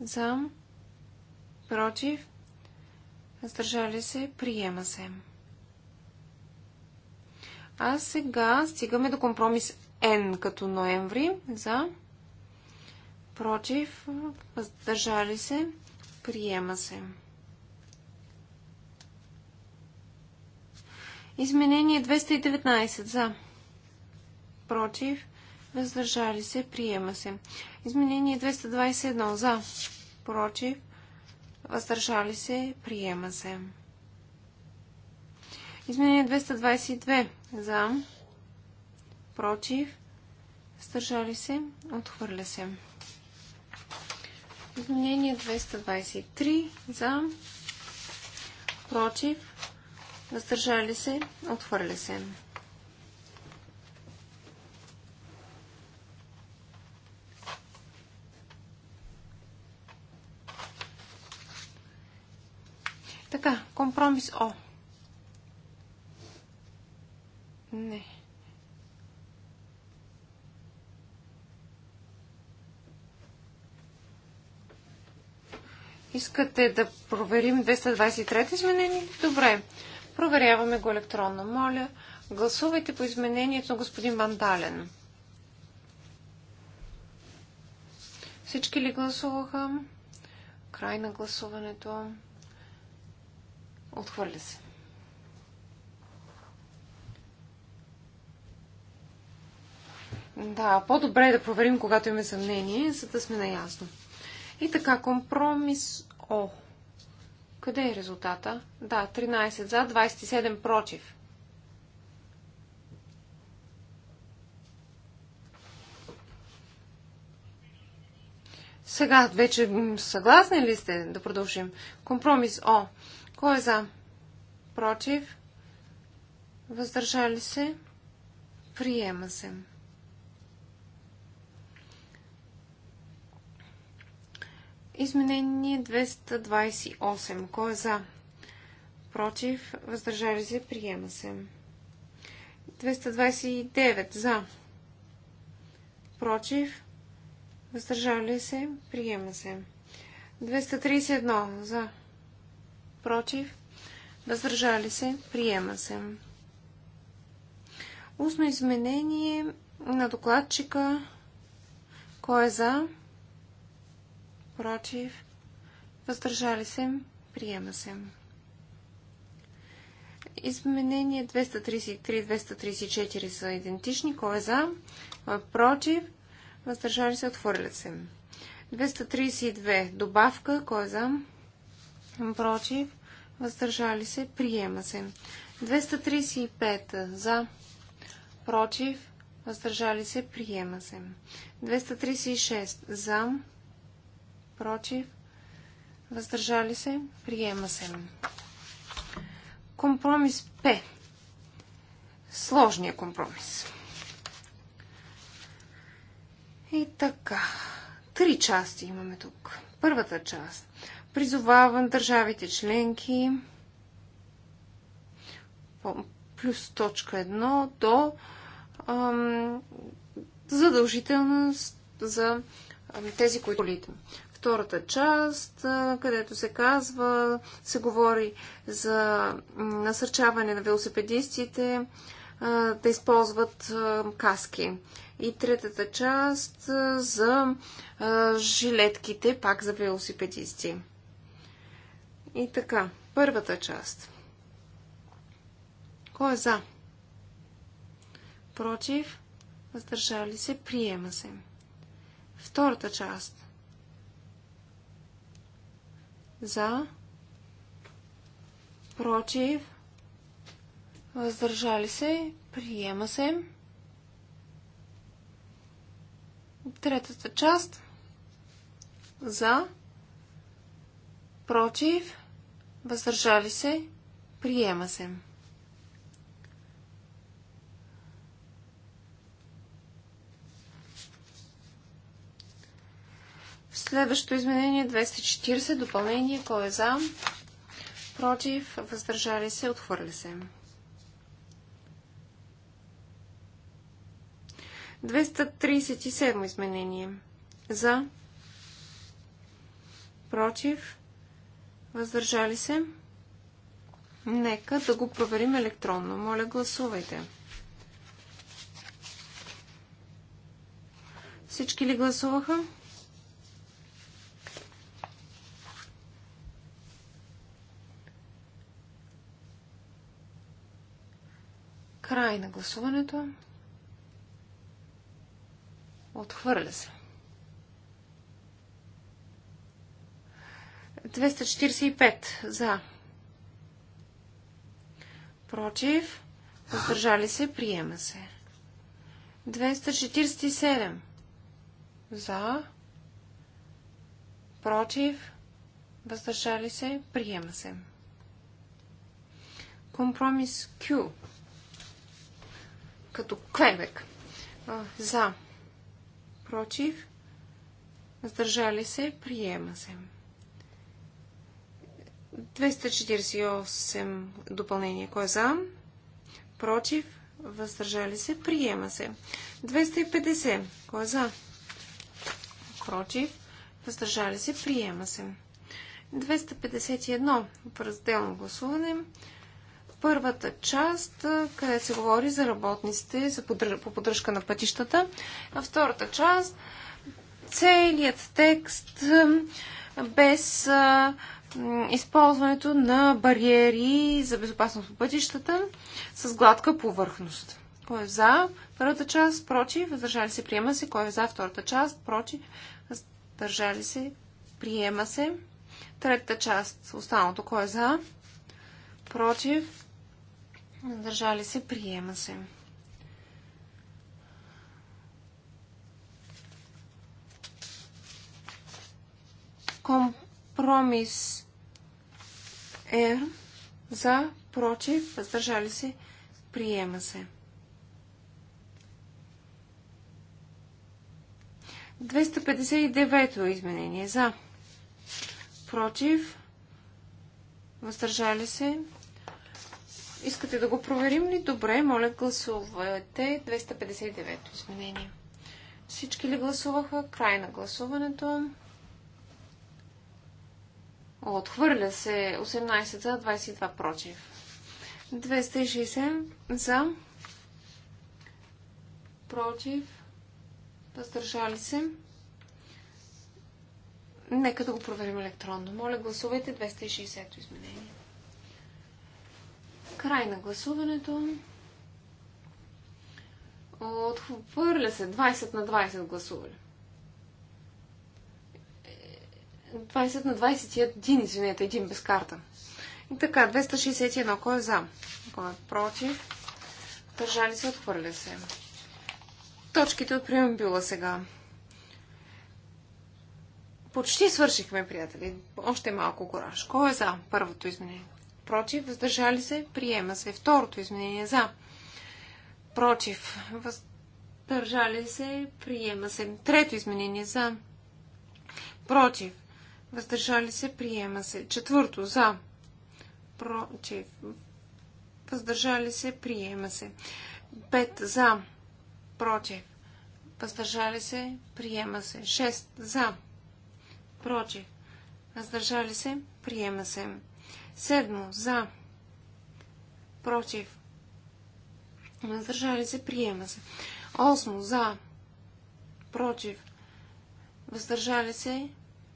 За. Против, въздържали се, приема се. А сега стигаме до компромис N като ноември за против, въздържали се, приема се. Изменение 219 за против, въздържали се, приема се. Изменение 221 за против, въздържали се, приема се. Изменение 222 за против, стържали се, отхвърля се. Изменение 223 за, против, въздържали се, отхвърля се. Така, компромис О. Не. Искате да проверим 223 изменение? Добре. Проверяваме го електронно. Моля, гласувайте по изменението на господин Вандален. Всички ли гласуваха? Край на гласуването. Отхвърля се. Да, по-добре е да проверим, когато имаме съмнение, за да сме наясно. И така, компромис О. Къде е резултата? Да, 13 за, 27 против. Сега вече съгласни ли сте да продължим? Компромис О. Кой е за? Против? Въздържали се? Приема се. Изменение 228. Кой е за? Против. Въздържали се. Приема се. 229. За. Против. Въздържали се. Приема се. 231. За. Против. Въздържали се. Приема се. Устно изменение на докладчика. Кой е за? против, въздържали се, приема се. Изменения 233-234 са идентични. Кой е за? Е против? Въздържали се, отворили се. 232 добавка. Кой е за? Против? Въздържали се, приема се. 235 за? Против? Въздържали се, приема се. 236 за? против, въздържали се, приема се. Компромис П. Сложния компромис. И така. Три части имаме тук. Първата част. Призовавам държавите членки плюс точка едно до ам, задължителност за ам, тези, които втората част, където се казва, се говори за насърчаване на велосипедистите да използват каски. И третата част за жилетките, пак за велосипедисти. И така, първата част. Кой е за? Против? Въздържали се? Приема се. Втората част за, против, въздържали се, приема се. Третата част за, против, въздържали се, приема се. Следващото изменение 240, е допълнение, кой е за, против, въздържали се, отхвърля се. 237 изменение. За, против, въздържали се. Нека да го проверим електронно. Моля, гласувайте. Всички ли гласуваха? Край на гласуването. Отхвърля се. 245 за. Против. Въздържали се. Приема се. 247 за. Против. Въздържали се. Приема се. Компромис Q като клевек. За. Против. Въздържали се. Приема се. 248 допълнение. Кой е за? Против. Въздържали се. Приема се. 250. Кой е за? Против. Въздържали се. Приема се. 251. Разделно гласуване. гласуване първата част, където се говори за работниците за подръж... по поддръжка на пътищата, а втората част целият текст без а, използването на бариери за безопасност по пътищата с гладка повърхност. Кой е за първата част, против, въздържали се, приема се. Кой е за втората част, против, въздържали се, приема се. Третата част, останалото, кой е за, против, Въздържали се, приема се. Компромис Р е за, против, въздържали се, приема се. 259-то изменение за, против, въздържали се, Искате да го проверим ли? Добре, моля гласувате 259 изменение. Всички ли гласуваха? Край на гласуването. Отхвърля се 18 за, 22 против. 260 за, против, въздържали се. Нека да го проверим електронно. Моля, гласувайте 260 изменение. Край на гласуването. Отхвърля се 20 на 20 гласували. 20 на 21, извинете, един без карта. И така, 261. Кой е за? Кой е против? Държали се, отхвърля се. Точките от била сега. Почти свършихме, приятели. Още малко кораж. Кой е за първото изменение? против, въздържали се, приема се. Второто изменение за, против, въздържали се, приема се. Трето изменение за, против, въздържали се, приема се. Четвърто за, против, въздържали се, приема се. Пет за, против, въздържали се, приема се. Шест за, против, въздържали се, приема се. Седмо. За. Против. Въздържали се. Приема се. Осмо. За. Против. Въздържали се.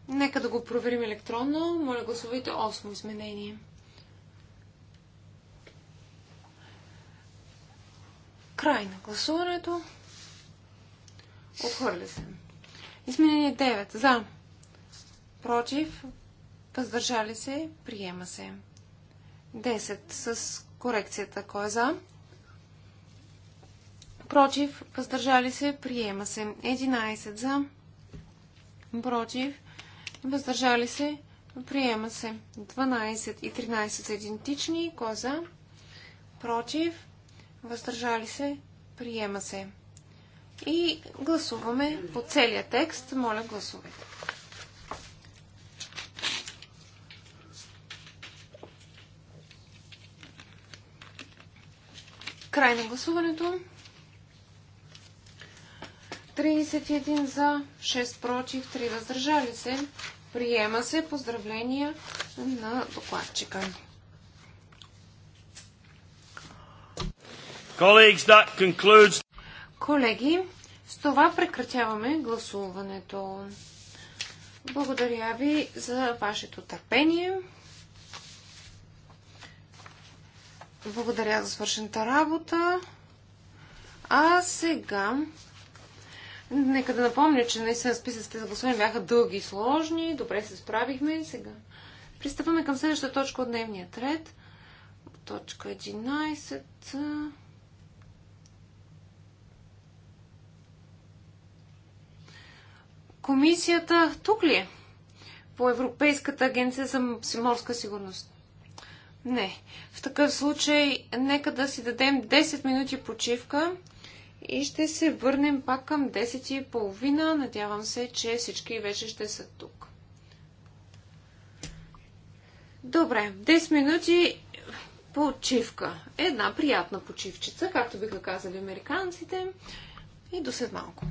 Нека да го проверим електронно. Моля гласувайте осмо изменение. Край на гласуването. Отхвърля се. Изменение 9. За. Против. Въздържали се. Приема се. 10 с корекцията. Кой е за? Против. Въздържали се. Приема се. 11 за. Против. Въздържали се. Приема се. 12 и 13 са идентични. Кой е за? Против. Въздържали се. Приема се. И гласуваме по целия текст. Моля, гласувайте. Край на гласуването. 31 за, 6 против, 3 въздържали се. Приема се поздравления на докладчика. Колеги, с това прекратяваме гласуването. Благодаря ви за вашето търпение. Благодаря за свършената работа. А сега, нека да напомня, че наистина списъците за гласуване бяха дълги и сложни. Добре се справихме и сега. Пристъпваме към следващата точка от дневния ред. Точка 11. Комисията тук ли е? По Европейската агенция за морска сигурност. Не. В такъв случай, нека да си дадем 10 минути почивка и ще се върнем пак към 10.30. Надявам се, че всички вече ще са тук. Добре, 10 минути почивка. Една приятна почивчица, както биха казали американците. И до след малко.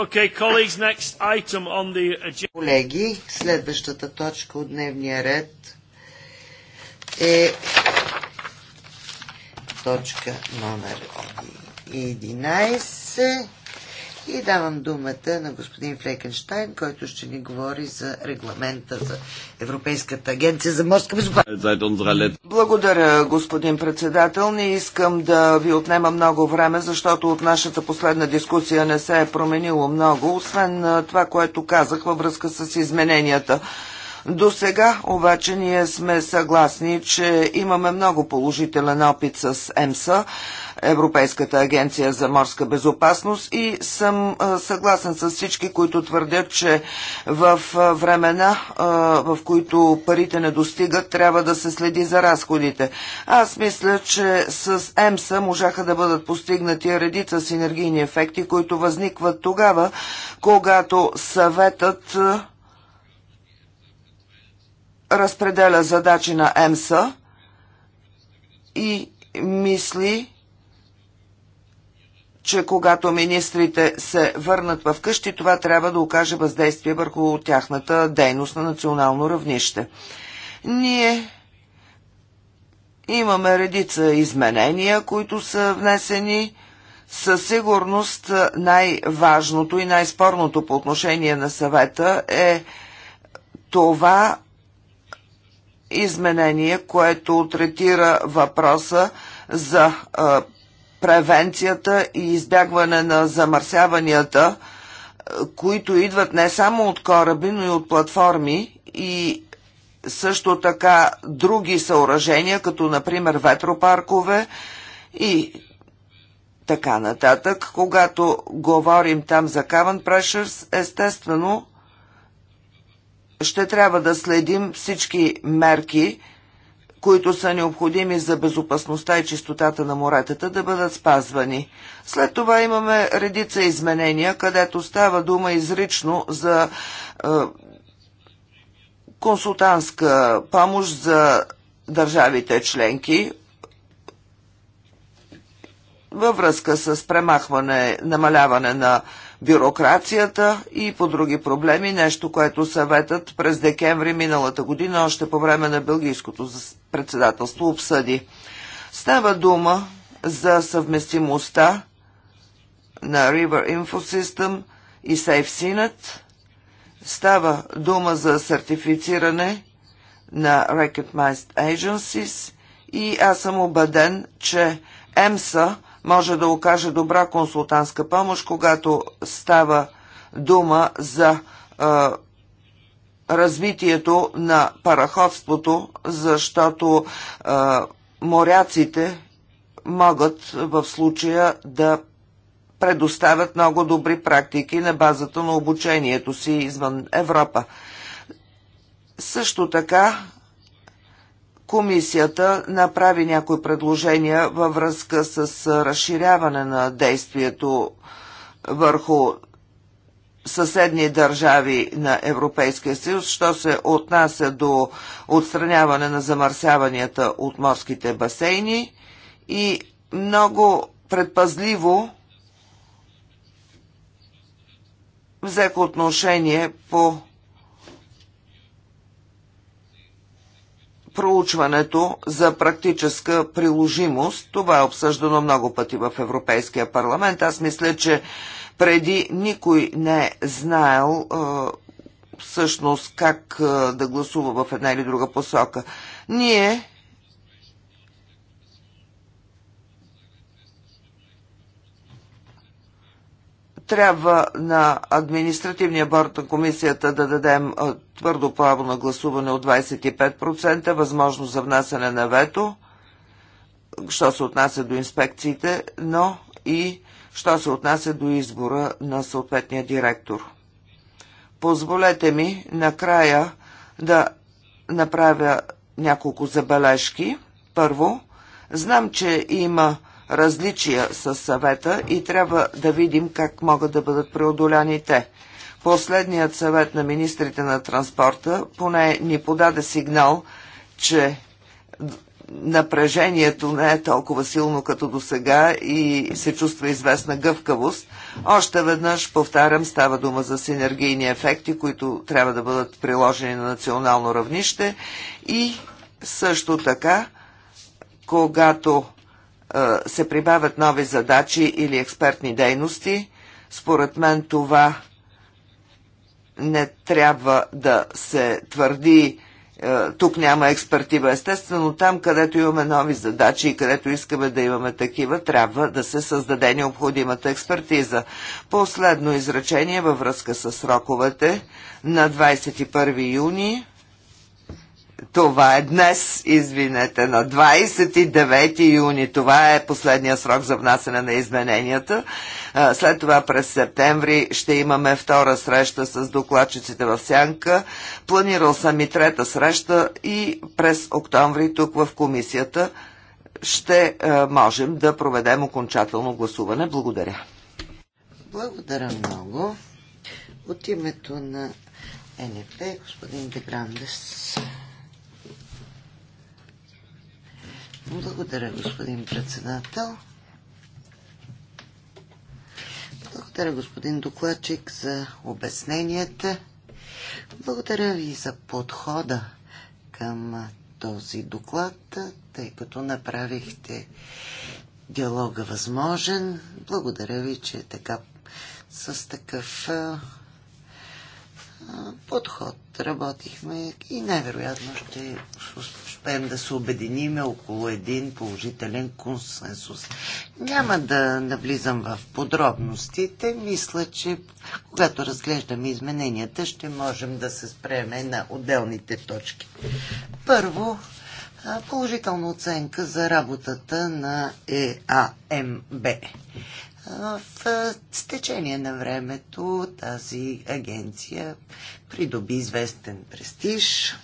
Okay, colleagues, next item on the agenda. Колеги, следващата точка от дневния ред е точка номер 11 и давам думата на господин Флекенштайн, който ще ни говори за регламента за Европейската агенция за морска безопасност. Благодаря, господин председател. Не искам да ви отнема много време, защото от нашата последна дискусия не се е променило много, освен това, което казах във връзка с измененията. До сега обаче ние сме съгласни, че имаме много положителен опит с ЕМСА. Европейската агенция за морска безопасност и съм съгласен с всички, които твърдят, че в времена, в които парите не достигат, трябва да се следи за разходите. Аз мисля, че с ЕМСА можаха да бъдат постигнати редица синергийни ефекти, които възникват тогава, когато съветът разпределя задачи на ЕМСА и мисли че когато министрите се върнат в къщи, това трябва да окаже въздействие върху тяхната дейност на национално равнище. Ние имаме редица изменения, които са внесени. Със сигурност най-важното и най-спорното по отношение на съвета е това изменение, което третира въпроса за превенцията и избягване на замърсяванията, е, които идват не само от кораби, но и от платформи и също така други съоръжения, като например ветропаркове и така нататък. Когато говорим там за Каван Прешърс, естествено ще трябва да следим всички мерки, които са необходими за безопасността и чистотата на моретата, да бъдат спазвани. След това имаме редица изменения, където става дума изрично за е, консултантска помощ за държавите членки във връзка с премахване, намаляване на бюрокрацията и по други проблеми, нещо, което съветът през декември миналата година, още по време на Белгийското председателство, обсъди. Става дума за съвместимостта на River Infosystem и SafeSynet. Става дума за сертифициране на Recognized Agencies и аз съм убеден, че ЕМСА – може да окаже добра консултантска помощ, когато става дума за а, развитието на параходството, защото а, моряците могат в случая да предоставят много добри практики на базата на обучението си извън Европа. Също така Комисията направи някои предложения във връзка с разширяване на действието върху съседни държави на Европейския съюз, що се отнася до отстраняване на замърсяванията от морските басейни и много предпазливо взех отношение по проучването за практическа приложимост. Това е обсъждано много пъти в Европейския парламент. Аз мисля, че преди никой не е знаел всъщност как да гласува в една или друга посока. Ние трябва на административния борт на комисията да дадем твърдо право на гласуване от 25%, възможност за внасяне на вето, що се отнася до инспекциите, но и що се отнася до избора на съответния директор. Позволете ми накрая да направя няколко забележки. Първо, знам, че има различия с съвета и трябва да видим как могат да бъдат преодоляни те. Последният съвет на министрите на транспорта поне ни подаде сигнал, че напрежението не е толкова силно като до сега и се чувства известна гъвкавост. Още веднъж, повтарям, става дума за синергийни ефекти, които трябва да бъдат приложени на национално равнище и също така, когато се прибавят нови задачи или експертни дейности. Според мен това не трябва да се твърди, тук няма експертива. Естествено, там, където имаме нови задачи и където искаме да имаме такива, трябва да се създаде необходимата експертиза. Последно изречение във връзка с сроковете на 21 юни това е днес, извинете, на 29 юни. Това е последния срок за внасене на измененията. След това през септември ще имаме втора среща с докладчиците в Сянка. Планирал съм и трета среща и през октомври тук в комисията ще можем да проведем окончателно гласуване. Благодаря. Благодаря много. От името на НП господин Деграндес. Благодаря, господин председател. Благодаря, господин докладчик, за обясненията. Благодаря ви за подхода към този доклад, тъй като направихте диалога възможен. Благодаря ви, че така с такъв подход. Работихме и най-вероятно ще успеем да се обединиме около един положителен консенсус. Няма да навлизам в подробностите. Мисля, че когато разглеждаме измененията, ще можем да се спреме на отделните точки. Първо, положителна оценка за работата на ЕАМБ в стечение на времето тази агенция придоби известен престиж,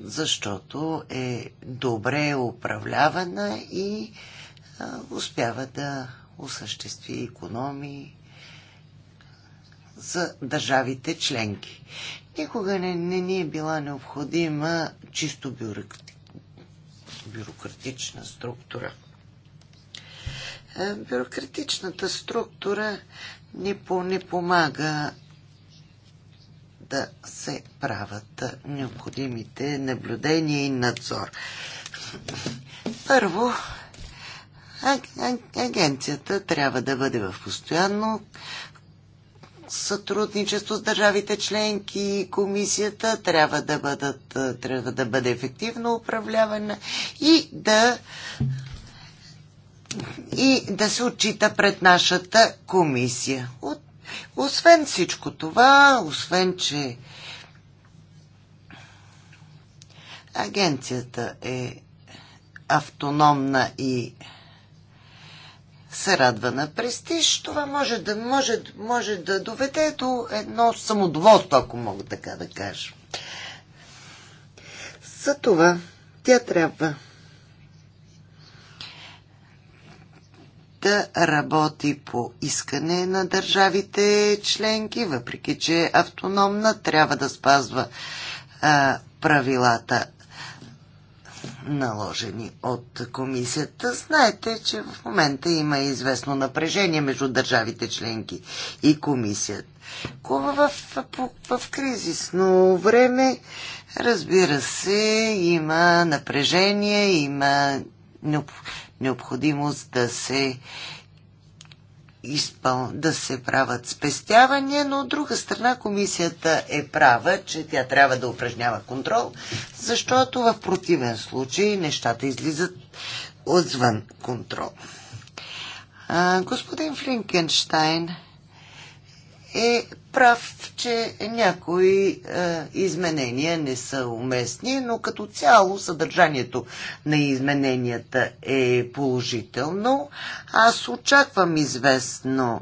защото е добре управлявана и успява да осъществи економии за държавите членки. Никога не, не ни е била необходима чисто бюрократична структура. Е, бюрократичната структура ни по, не помага да се правят необходимите наблюдения и надзор. Първо, агенцията трябва да бъде в постоянно сътрудничество с държавите членки и комисията трябва да, бъдат, трябва да бъде ефективно управлявана и да и да се отчита пред нашата комисия. От, освен всичко това, освен, че агенцията е автономна и се радва на престиж, това може да, може, може да доведе до едно самодоволство, ако мога така да кажа. За това тя трябва да работи по искане на държавите членки, въпреки че е автономна, трябва да спазва а, правилата наложени от комисията. Знаете, че в момента има известно напрежение между държавите членки и комисията. В, в, в, в кризисно време, разбира се, има напрежение, има необходимост да се изпъл... да се правят спестявания, но от друга страна комисията е права, че тя трябва да упражнява контрол, защото в противен случай нещата излизат отвън контрол. А, господин Флинкенштайн е прав, че някои е, изменения не са уместни, но като цяло съдържанието на измененията е положително. Аз очаквам известно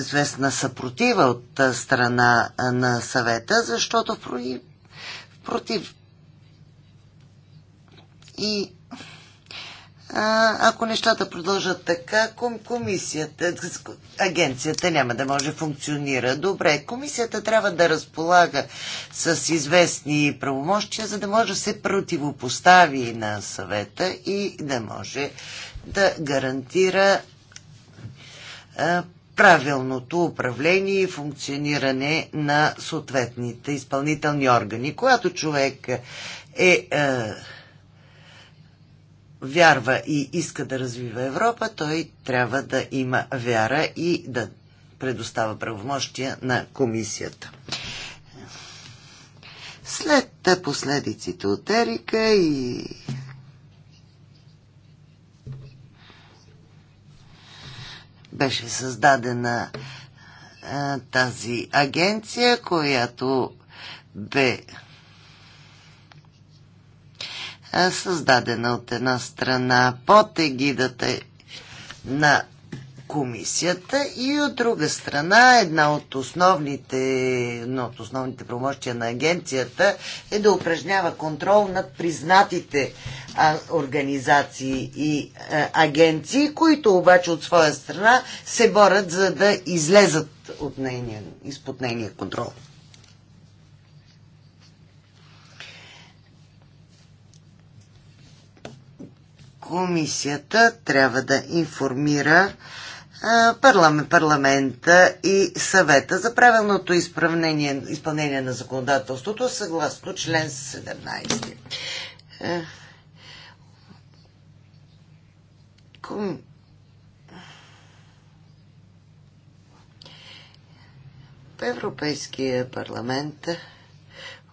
известна съпротива от е, страна е, на съвета, защото в против и ако нещата продължат така, комисията, агенцията няма да може функционира добре. Комисията трябва да разполага с известни правомощия, за да може да се противопостави на съвета и да може да гарантира правилното управление и функциониране на съответните изпълнителни органи. Когато човек е, е вярва и иска да развива Европа, той трябва да има вяра и да предостава правомощия на комисията. След последиците от Ерика и беше създадена а, тази агенция, която бе създадена от една страна под егидата на комисията и от друга страна една от основните, едно от основните промощия на агенцията е да упражнява контрол над признатите а, организации и а, агенции, които обаче от своя страна се борят за да излезат от нейния, изпод нейния контрол. комисията трябва да информира парламент, парламента и съвета за правилното изпълнение на законодателството съгласно член 17. Ком... Европейския парламент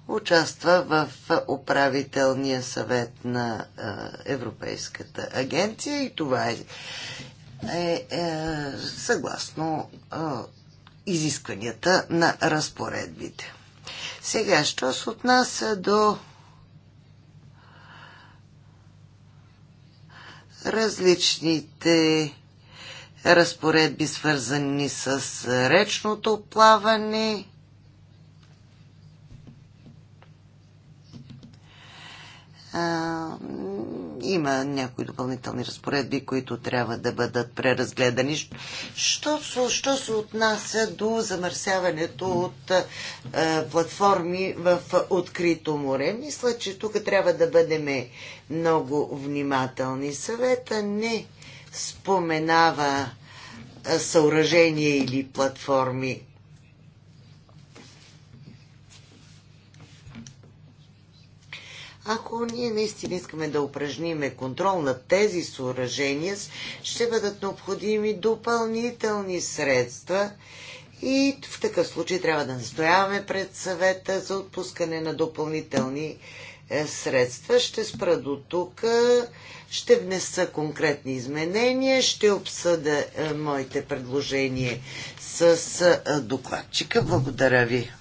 участва в управителния съвет на Европейската агенция и това е, е, е съгласно е, изискванията на разпоредбите. Сега, що се отнася до различните разпоредби, свързани с речното плаване, А, има някои допълнителни разпоредби, които трябва да бъдат преразгледани. Що, що се отнася до замърсяването от а, платформи в открито море? Мисля, че тук трябва да бъдем много внимателни. Съвета не споменава съоръжения или платформи Ако ние наистина искаме да упражниме контрол на тези съоръжения, ще бъдат необходими допълнителни средства и в такъв случай трябва да настояваме пред съвета за отпускане на допълнителни е, средства. Ще спра до тук, е, ще внеса конкретни изменения, ще обсъда е, моите предложения с докладчика. Благодаря ви.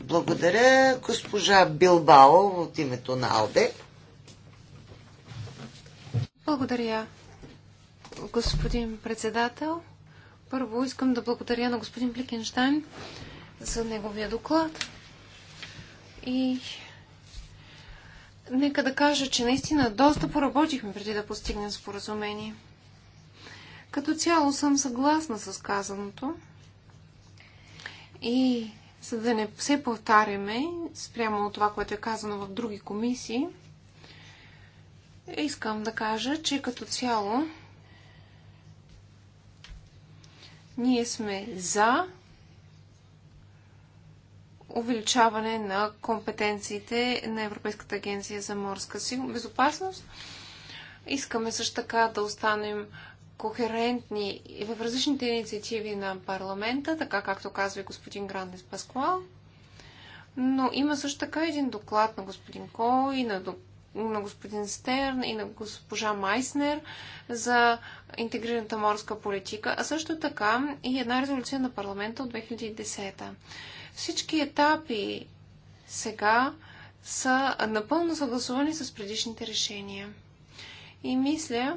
Благодаря госпожа Билбао от името на Алде. Благодаря, господин председател. Първо искам да благодаря на господин Бликенштайн за неговия доклад. И нека да кажа, че наистина доста поработихме преди да постигнем споразумение. Като цяло съм съгласна с казаното. И за да не се повтаряме спрямо от това, което е казано в други комисии, искам да кажа, че като цяло ние сме за увеличаване на компетенциите на Европейската агенция за морска безопасност. Искаме също така да останем кохерентни в различните инициативи на парламента, така както казва и господин Грандес Паскуал. Но има също така един доклад на господин Ко и на, на господин Стерн и на госпожа Майснер за интегрираната морска политика, а също така и една резолюция на парламента от 2010. Всички етапи сега са напълно съгласувани с предишните решения. И мисля,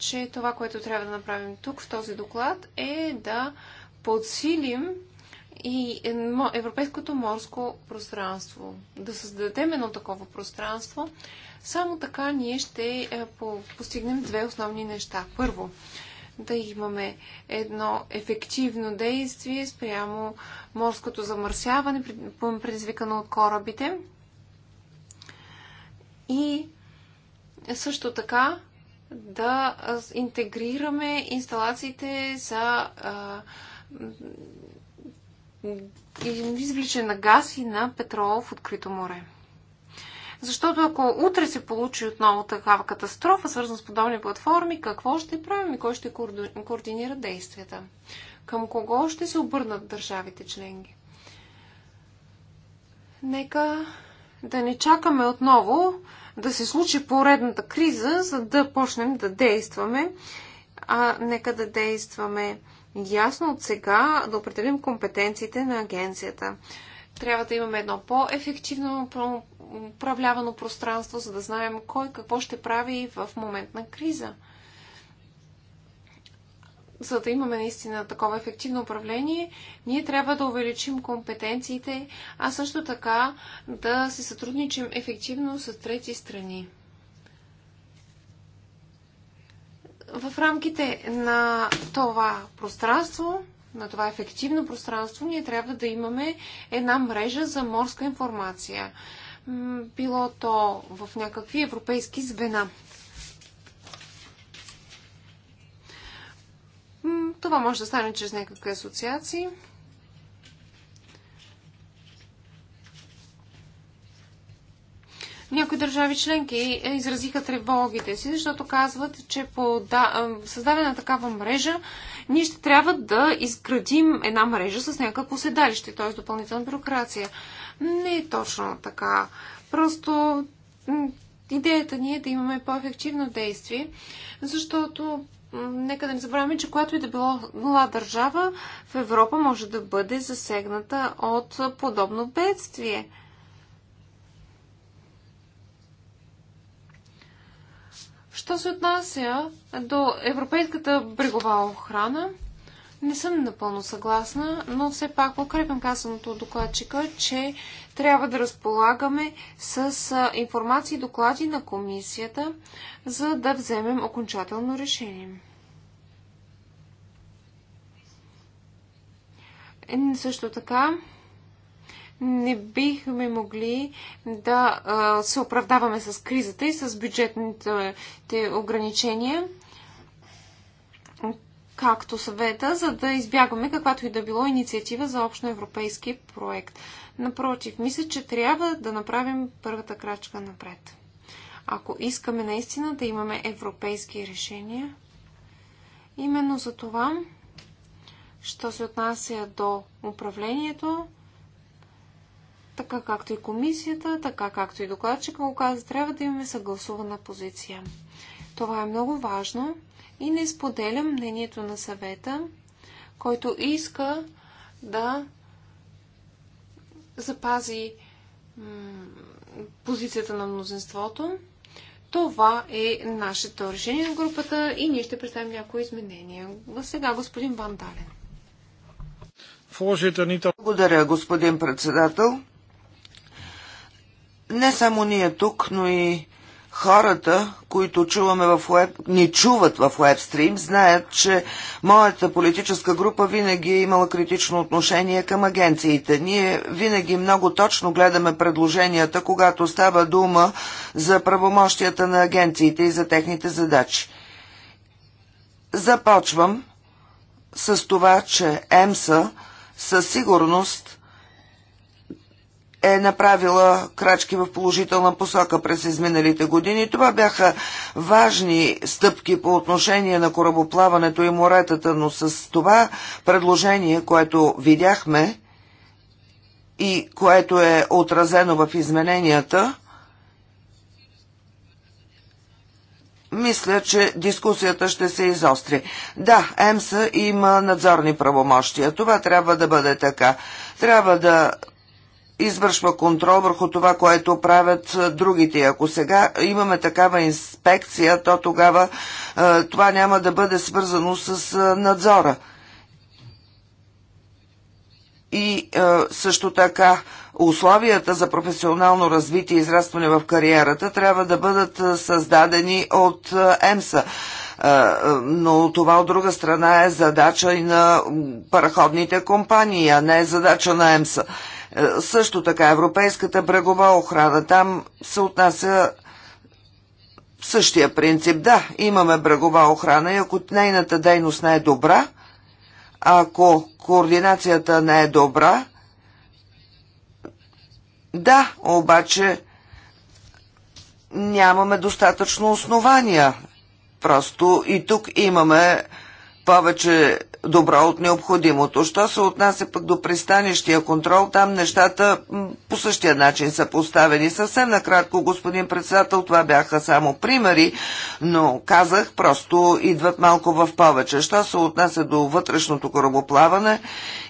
че това, което трябва да направим тук в този доклад е да подсилим и европейското морско пространство. Да създадем едно такова пространство. Само така ние ще е, постигнем две основни неща. Първо, да имаме едно ефективно действие спрямо морското замърсяване, предизвикано от корабите. И също така да интегрираме инсталациите за извличане на газ и на петрол в открито море. Защото ако утре се получи отново такава катастрофа, свързана с подобни платформи, какво ще правим и кой ще координира действията? Към кого ще се обърнат държавите членки? Нека да не чакаме отново да се случи поредната криза, за да почнем да действаме. А нека да действаме ясно от сега, да определим компетенциите на агенцията. Трябва да имаме едно по-ефективно управлявано пространство, за да знаем кой какво ще прави в момент на криза за да имаме наистина такова ефективно управление, ние трябва да увеличим компетенциите, а също така да се сътрудничим ефективно с трети страни. В рамките на това пространство, на това ефективно пространство, ние трябва да имаме една мрежа за морска информация. Било то в някакви европейски звена. Това може да стане чрез някакви асоциации. Някои държави членки е, изразиха тревогите си, защото казват, че по да, е, създаване на такава мрежа ние ще трябва да изградим една мрежа с някакво седалище, т.е. допълнителна бюрокрация. Не е точно така. Просто идеята ни е да имаме по-ефективно действие, защото нека да не забравяме, че която и да била държава в Европа може да бъде засегната от подобно бедствие. Що се отнася до Европейската брегова охрана, не съм напълно съгласна, но все пак покрепям казаното от докладчика, че трябва да разполагаме с информации и доклади на комисията, за да вземем окончателно решение. Е, също така, не бихме могли да се оправдаваме с кризата и с бюджетните ограничения, както съвета, за да избягваме каквато и да било инициатива за европейски проект. Напротив, мисля, че трябва да направим първата крачка напред. Ако искаме наистина да имаме европейски решения, именно за това, що се отнася до управлението, така както и комисията, така както и докладчика го каза, трябва да имаме съгласувана позиция. Това е много важно и не споделям мнението на съвета, който иска да запази позицията на мнозинството. Това е нашето решение на групата и ние ще представим някои изменения. А сега господин Ван Дален. Благодаря, господин председател. Не само ние тук, но и хората, които чуваме в Web, ни чуват в WebStream, знаят, че моята политическа група винаги е имала критично отношение към агенциите. Ние винаги много точно гледаме предложенията, когато става дума за правомощията на агенциите и за техните задачи. Започвам с това, че ЕМСА със сигурност е направила крачки в положителна посока през изминалите години. Това бяха важни стъпки по отношение на корабоплаването и моретата, но с това предложение, което видяхме и което е отразено в измененията, мисля, че дискусията ще се изостри. Да, ЕМСА има надзорни правомощия. Това трябва да бъде така. Трябва да извършва контрол върху това, което правят другите. Ако сега имаме такава инспекция, то тогава това няма да бъде свързано с надзора. И също така условията за професионално развитие и израстване в кариерата трябва да бъдат създадени от ЕМСА но това от друга страна е задача и на параходните компании, а не е задача на ЕМСА. Е, също така Европейската брегова охрана, там се отнася същия принцип. Да, имаме брегова охрана и ако нейната дейност не е добра, ако координацията не е добра, да, обаче нямаме достатъчно основания. Просто и тук имаме повече добро от необходимото. Що се отнася пък до пристанищия контрол, там нещата по същия начин са поставени. Съвсем накратко, господин председател, това бяха само примери, но казах, просто идват малко в повече. Що се отнася до вътрешното корабоплаване,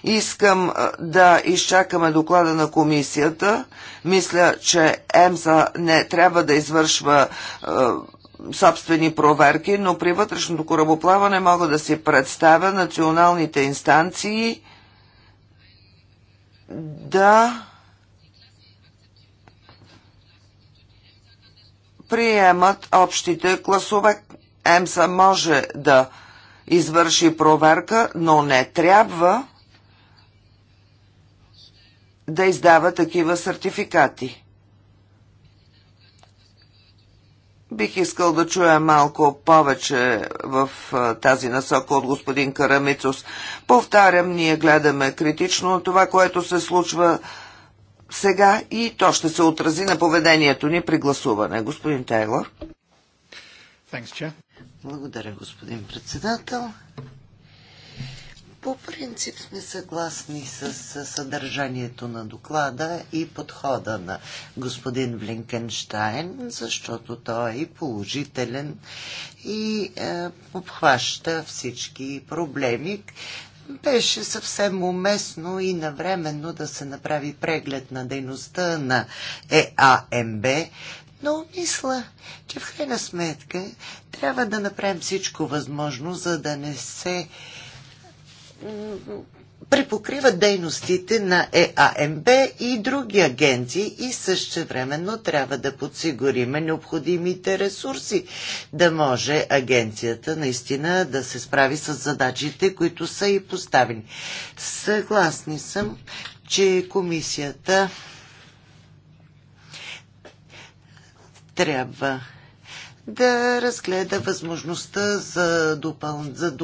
искам да изчакаме доклада на комисията. Мисля, че ЕМСА не трябва да извършва е, собствени проверки, но при вътрешното корабоплаване мога да си представя националните инстанции да приемат общите класове. ЕМСА може да извърши проверка, но не трябва да издава такива сертификати. Бих искал да чуя малко повече в тази насока от господин Карамицус. Повтарям, ние гледаме критично това, което се случва сега и то ще се отрази на поведението ни при гласуване. Господин Тейлор. Благодаря, господин председател. По принцип сме съгласни с съдържанието на доклада и подхода на господин Влинкенштайн, защото той е и положителен и е, обхваща всички проблеми. Беше съвсем уместно и навременно да се направи преглед на дейността на ЕАМБ, но мисля, че в крайна сметка трябва да направим всичко възможно, за да не се Припокриват дейностите на ЕАМБ и други агенции и същевременно трябва да подсигуриме необходимите ресурси, да може агенцията наистина да се справи с задачите, които са и поставени. Съгласни съм, че комисията трябва да разгледа възможността за, допъл... за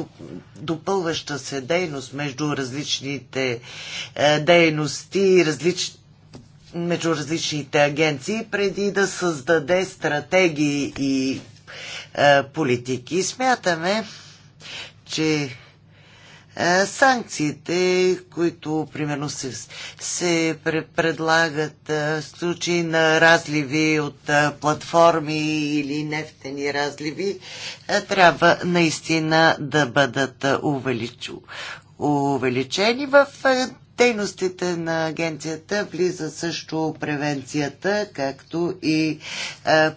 допълваща се дейност между различните е, дейности, различ... между различните агенции, преди да създаде стратегии и е, политики. Смятаме, че е, санкциите, които примерно се, се предлагат е, в случай на разливи от е, платформи или нефтени разливи, трябва наистина да бъдат увеличени в Дейностите на агенцията влиза също превенцията, както и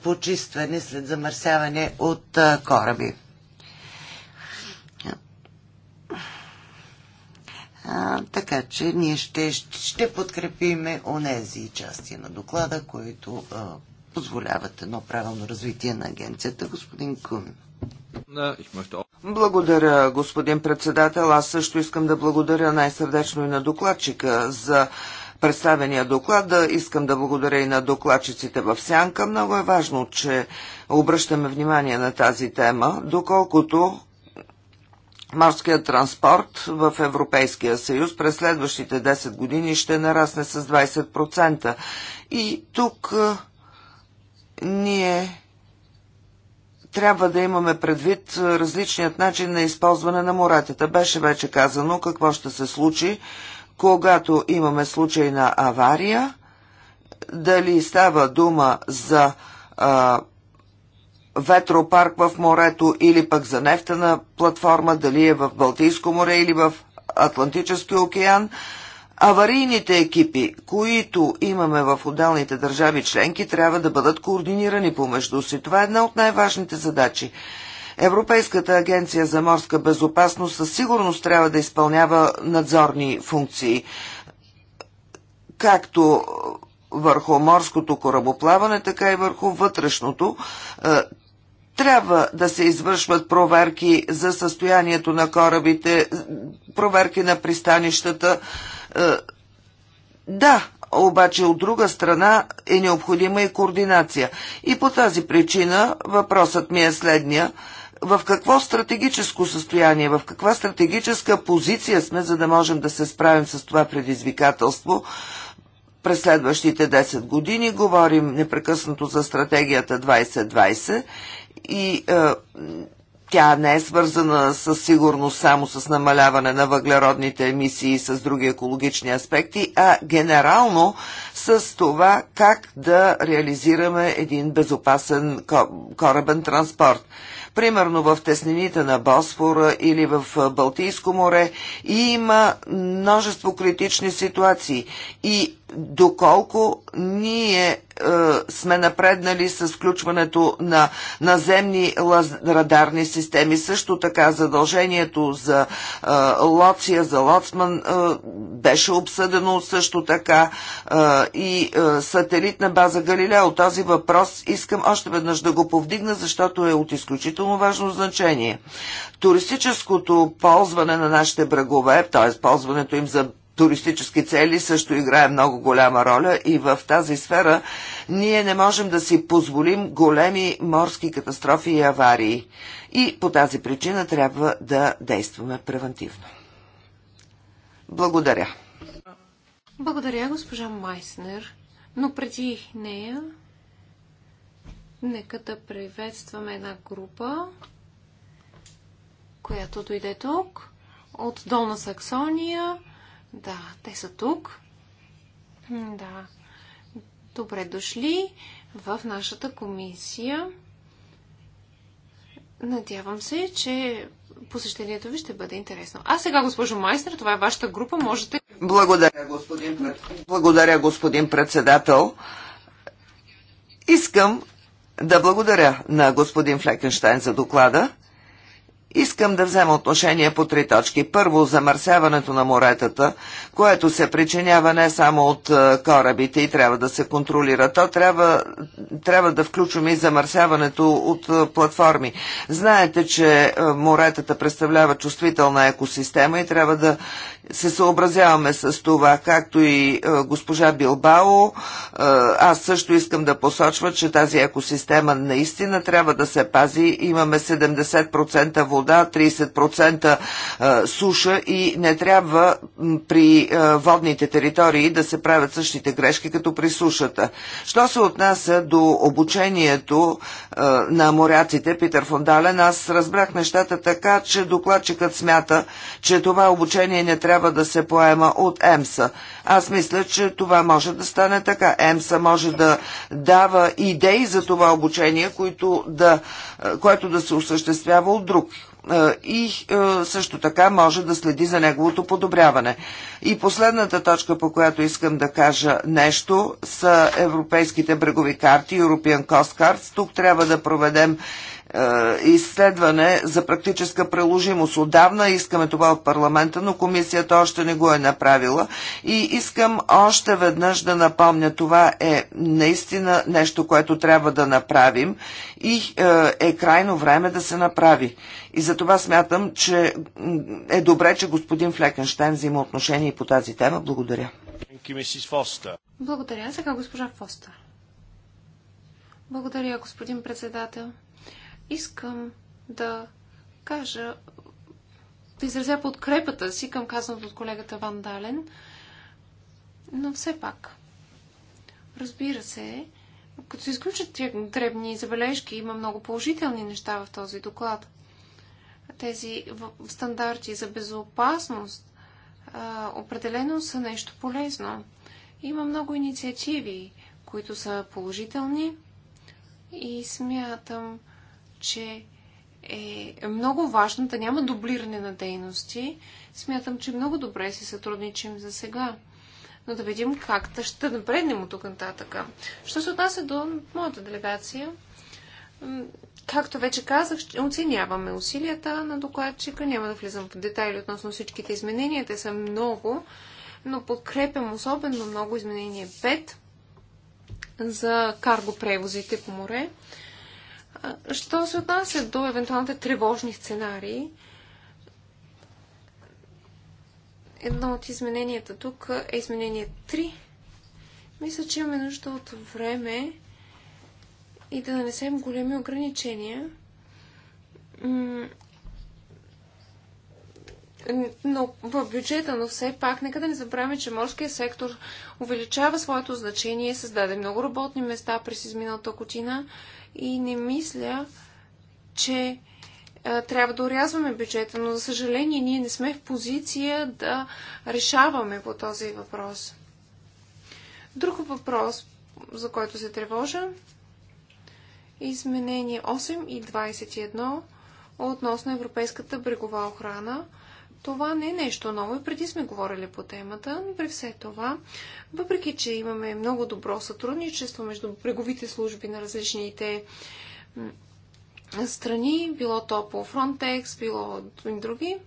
почистване след замърсяване от кораби. А, така че ние ще, ще подкрепиме онези части на доклада, които а, позволяват едно правилно развитие на агенцията, господин Кун. Благодаря, господин председател. Аз също искам да благодаря най-сърдечно и на докладчика за представения доклад. Да искам да благодаря и на докладчиците в Сянка. Много е важно, че обръщаме внимание на тази тема, доколкото морският транспорт в Европейския съюз през следващите 10 години ще нарасне с 20%. И тук ние трябва да имаме предвид различният начин на използване на моретата. Беше вече казано какво ще се случи, когато имаме случай на авария, дали става дума за а, ветропарк в морето или пък за нефтена платформа, дали е в Балтийско море или в Атлантически океан, аварийните екипи, които имаме в отделните държави членки, трябва да бъдат координирани помежду си. Това е една от най-важните задачи. Европейската агенция за морска безопасност със сигурност трябва да изпълнява надзорни функции, както върху морското корабоплаване, така и върху вътрешното. Е, трябва да се извършват проверки за състоянието на корабите, проверки на пристанищата. Е, да, обаче от друга страна е необходима и координация. И по тази причина въпросът ми е следния. В какво стратегическо състояние, в каква стратегическа позиция сме, за да можем да се справим с това предизвикателство? През следващите 10 години говорим непрекъснато за стратегията 2020 и е, тя не е свързана със сигурност само с намаляване на въглеродните емисии и с други екологични аспекти, а генерално с това как да реализираме един безопасен корабен транспорт. Примерно в теснините на Босфора или в е, Балтийско море и има множество критични ситуации и доколко ние е, сме напреднали с включването на наземни радарни системи. Също така задължението за е, лоция, за лоцман е, беше обсъдено също така и сателитна база Галилео. Този въпрос искам още веднъж да го повдигна, защото е от изключително важно значение. Туристическото ползване на нашите брагове, т.е. ползването им за туристически цели също играе много голяма роля и в тази сфера ние не можем да си позволим големи морски катастрофи и аварии. И по тази причина трябва да действаме превентивно. Благодаря. Благодаря, госпожа Майснер. Но преди нея, нека да приветстваме една група, която дойде тук от Долна Саксония да, те са тук. Да. Добре дошли в нашата комисия. Надявам се, че посещението ви ще бъде интересно. А сега, госпожо Майстер, това е вашата група. Можете. Благодаря, господин, Благодаря, господин председател. Искам да благодаря на господин Флекенштайн за доклада. Искам да взема отношение по три точки. Първо, замърсяването на моретата, което се причинява не само от е, корабите и трябва да се контролира. То трябва, трябва да включим и замърсяването от е, платформи. Знаете, че е, моретата представлява чувствителна екосистема и трябва да се съобразяваме с това, както и госпожа Билбао. Аз също искам да посочва, че тази екосистема наистина трябва да се пази. Имаме 70% вода вода, 30% суша и не трябва при водните територии да се правят същите грешки, като при сушата. Що се отнася до обучението на моряците, Питър Фондален, аз разбрах нещата така, че докладчикът смята, че това обучение не трябва да се поема от ЕМСА. Аз мисля, че това може да стане така. ЕМСА може да дава идеи за това обучение, което да, което да се осъществява от друг и също така може да следи за неговото подобряване. И последната точка, по която искам да кажа нещо, са европейските брегови карти, European Coast Cards. Тук трябва да проведем е, изследване за практическа приложимост. Отдавна искаме това от парламента, но комисията още не го е направила. И искам още веднъж да напомня, това е наистина нещо, което трябва да направим и е, е крайно време да се направи. И за това смятам, че е добре, че господин Флекенштайн взима отношение и по тази тема. Благодаря. Благодаря. Сега госпожа Фостер. Благодаря, господин председател. Искам да кажа, да изразя подкрепата си към казаното от колегата Ван Дален, но все пак, разбира се, като се изключат дребни забележки, има много положителни неща в този доклад. Тези стандарти за безопасност а, определено са нещо полезно. Има много инициативи, които са положителни и смятам, че е много важно да няма дублиране на дейности. Смятам, че много добре си сътрудничим за сега. Но да видим как да ще напреднем от тук нататък. Що се отнася до моята делегация, както вече казах, оценяваме усилията на докладчика. Няма да влизам в детайли относно всичките изменения. Те са много, но подкрепям особено много изменение 5 за карго превозите по море. Що се отнася до евентуалните тревожни сценарии, едно от измененията тук е изменение 3. Мисля, че имаме нужда от време и да нанесем големи ограничения но в бюджета, но все пак, нека да не забравяме, че морския сектор увеличава своето значение, създаде много работни места през изминалата година и не мисля, че а, трябва да урязваме бюджета, но за съжаление ние не сме в позиция да решаваме по този въпрос. Друг въпрос, за който се тревожа, изменение 8 и 21 относно Европейската брегова охрана – това не е нещо ново и преди сме говорили по темата, но при все това, въпреки че имаме много добро сътрудничество между бреговите служби на различните страни, било то по Frontex, било и други,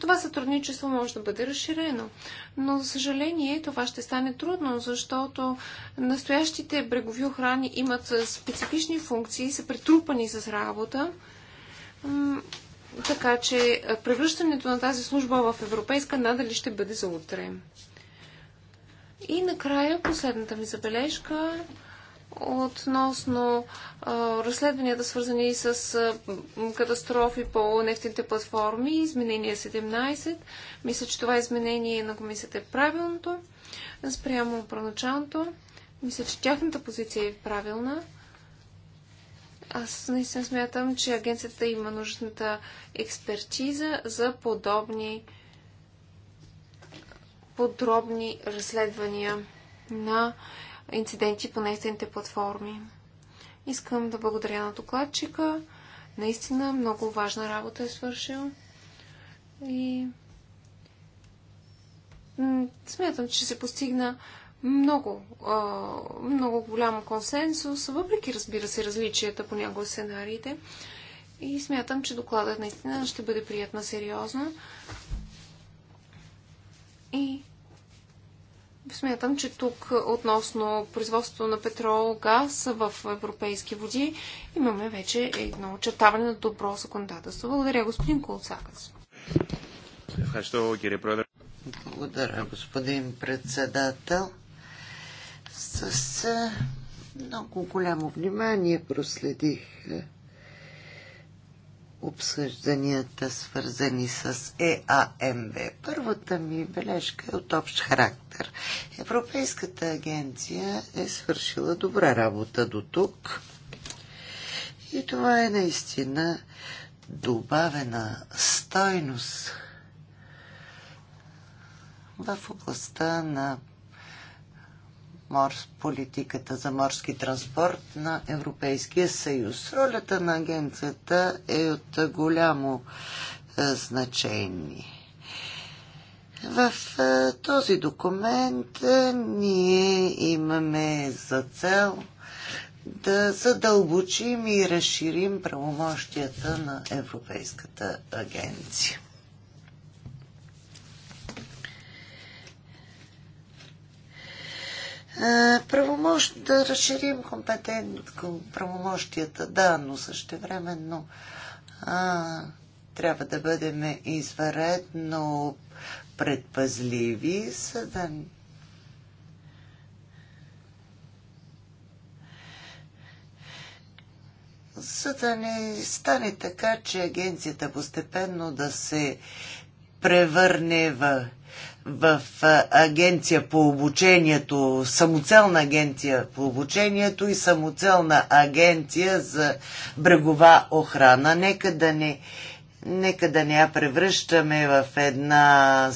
това сътрудничество може да бъде разширено. Но, за съжаление, това ще стане трудно, защото настоящите брегови охрани имат специфични функции, са претрупани с работа така че е, превръщането на тази служба в европейска надали ще бъде за утре. И накрая последната ми забележка относно а, е, разследванията, свързани с а, е, катастрофи по нефтните платформи, изменение 17. Мисля, че това изменение на комисията е правилното, спрямо първоначалното. Мисля, че тяхната позиция е правилна. Аз наистина смятам, че агенцията има нужната експертиза за подобни подробни разследвания на инциденти по нефтените платформи. Искам да благодаря на докладчика. Наистина много важна работа е свършил. И смятам, че се постигна много, много голям консенсус, въпреки, разбира се, различията по някои сценариите. И смятам, че докладът наистина ще бъде приятна сериозно. И смятам, че тук относно производството на петрол, газ в европейски води имаме вече едно очертаване на добро законодателство. Благодаря, господин Колцакас. Благодаря, господин председател. С много голямо внимание проследих обсъжданията, свързани с ЕАМВ. Първата ми бележка е от общ характер. Европейската агенция е свършила добра работа до тук. И това е наистина добавена стойност в областта на морс, политиката за морски транспорт на Европейския съюз. Ролята на агенцията е от голямо е, значение. В е, този документ е, ние имаме за цел да задълбочим и разширим правомощията на Европейската агенция. Е, правомощ, да разширим компетент, правомощията, да, но същевременно а, трябва да бъдем изваредно предпазливи, за да за да не стане така, че агенцията постепенно да се превърне в в агенция по обучението, самоцелна агенция по обучението и самоцелна агенция за брегова охрана. Нека да не, нека да не я превръщаме в една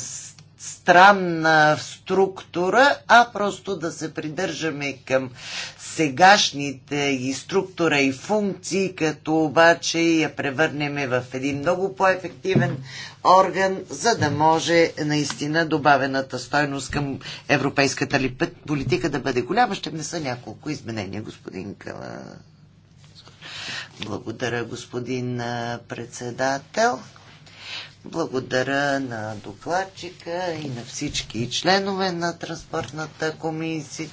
странна структура, а просто да се придържаме към сегашните и структура и функции, като обаче я превърнем в един много по-ефективен орган, за да може наистина добавената стойност към европейската ли политика да бъде голяма. Ще внеса няколко изменения, господин Кала. Благодаря, господин председател. Благодаря на докладчика и на всички членове на Транспортната комисия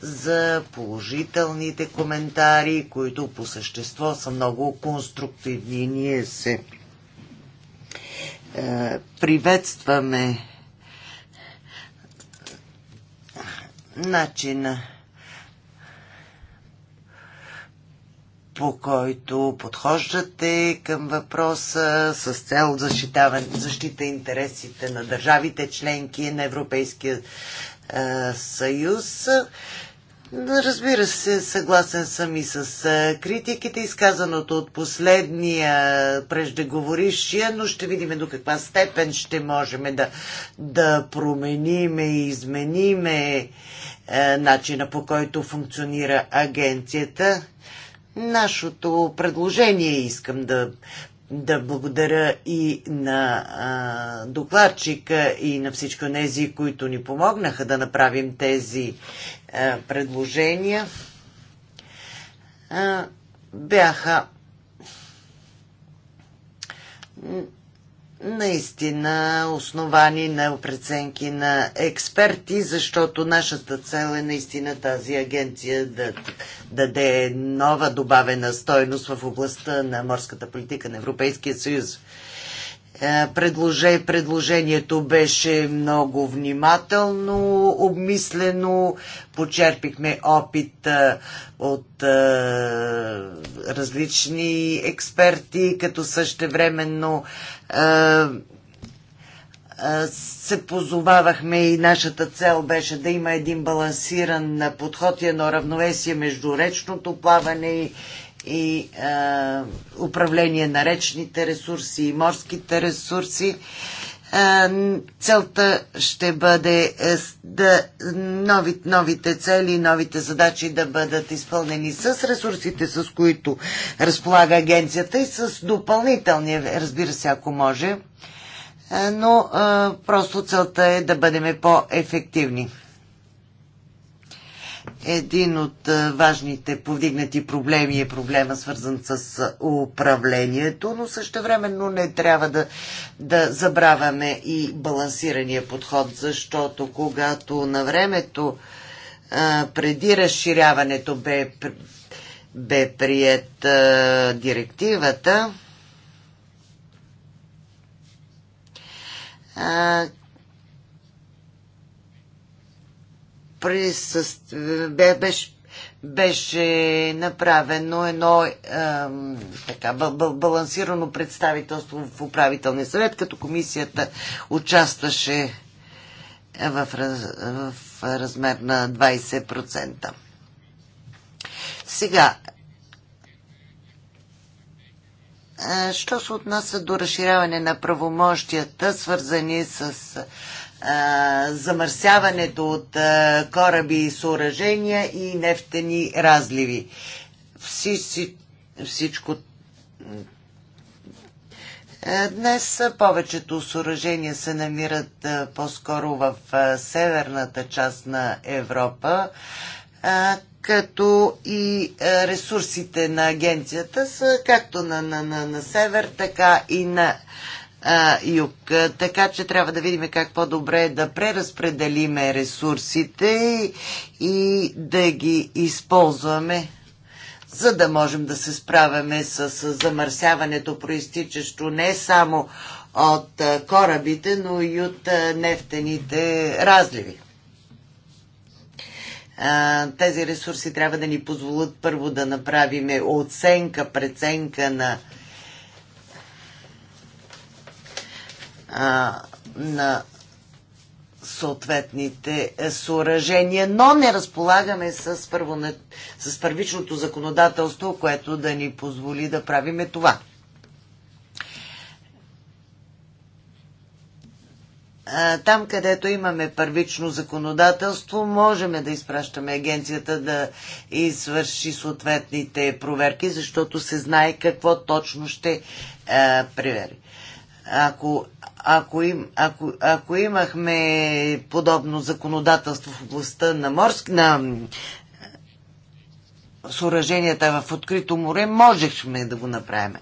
за положителните коментари, които по същество са много конструктивни. Ние се е, приветстваме начина по който подхождате към въпроса с цел защита интересите на държавите членки на Европейския съюз. Разбира се, съгласен съм и с критиките, изказаното от последния преждеговорившия, но ще видим до каква степен ще можем да, да промениме и измениме е, начина по който функционира агенцията нашето предложение. Искам да, да благодаря и на а, докладчика и на всички тези, които ни помогнаха да направим тези а, предложения. А, бяха наистина основани на преценки на експерти, защото нашата цел е наистина тази агенция да даде нова добавена стойност в областта на морската политика на Европейския съюз. Е, предложението беше много внимателно, обмислено, почерпихме опит е, от е, различни експерти, като същевременно се позовавахме и нашата цел беше да има един балансиран подход и едно равновесие между речното плаване и, и а, управление на речните ресурси и морските ресурси. А, Целта ще бъде е, да новите, новите цели, новите задачи да бъдат изпълнени с ресурсите, с които разполага агенцията и с допълнителни, разбира се, ако може, но просто целта е да бъдем по-ефективни един от важните повдигнати проблеми е проблема свързан с управлението, но същевременно не трябва да, да забравяме и балансирания подход, защото когато на времето преди разширяването бе, бе прият директивата, присъствие, беше беше направено едно е, така, балансирано представителство в управителния съвет, като комисията участваше в, раз, в размер на 20%. Сега, що се отнася до разширяване на правомощията, свързани с замърсяването от а, кораби и съоръжения и нефтени разливи. си, всичко Днес повечето съоръжения се намират по-скоро в северната част на Европа, като и ресурсите на агенцията са както на, на, на, на север, така и на юг. Така че трябва да видим как по-добре е да преразпределиме ресурсите и да ги използваме за да можем да се справяме с замърсяването, проистичащо не само от корабите, но и от нефтените разливи. Тези ресурси трябва да ни позволят първо да направим оценка, преценка на а, на съответните е, съоръжения, но не разполагаме с, първо, с първичното законодателство, което да ни позволи да правиме това. Там, където имаме първично законодателство, можем да изпращаме агенцията да извърши съответните проверки, защото се знае какво точно ще а, е, превери. Ако ако, им, ако, ако имахме подобно законодателство в областта на, морски, на съоръженията в открито море, можехме да го направим.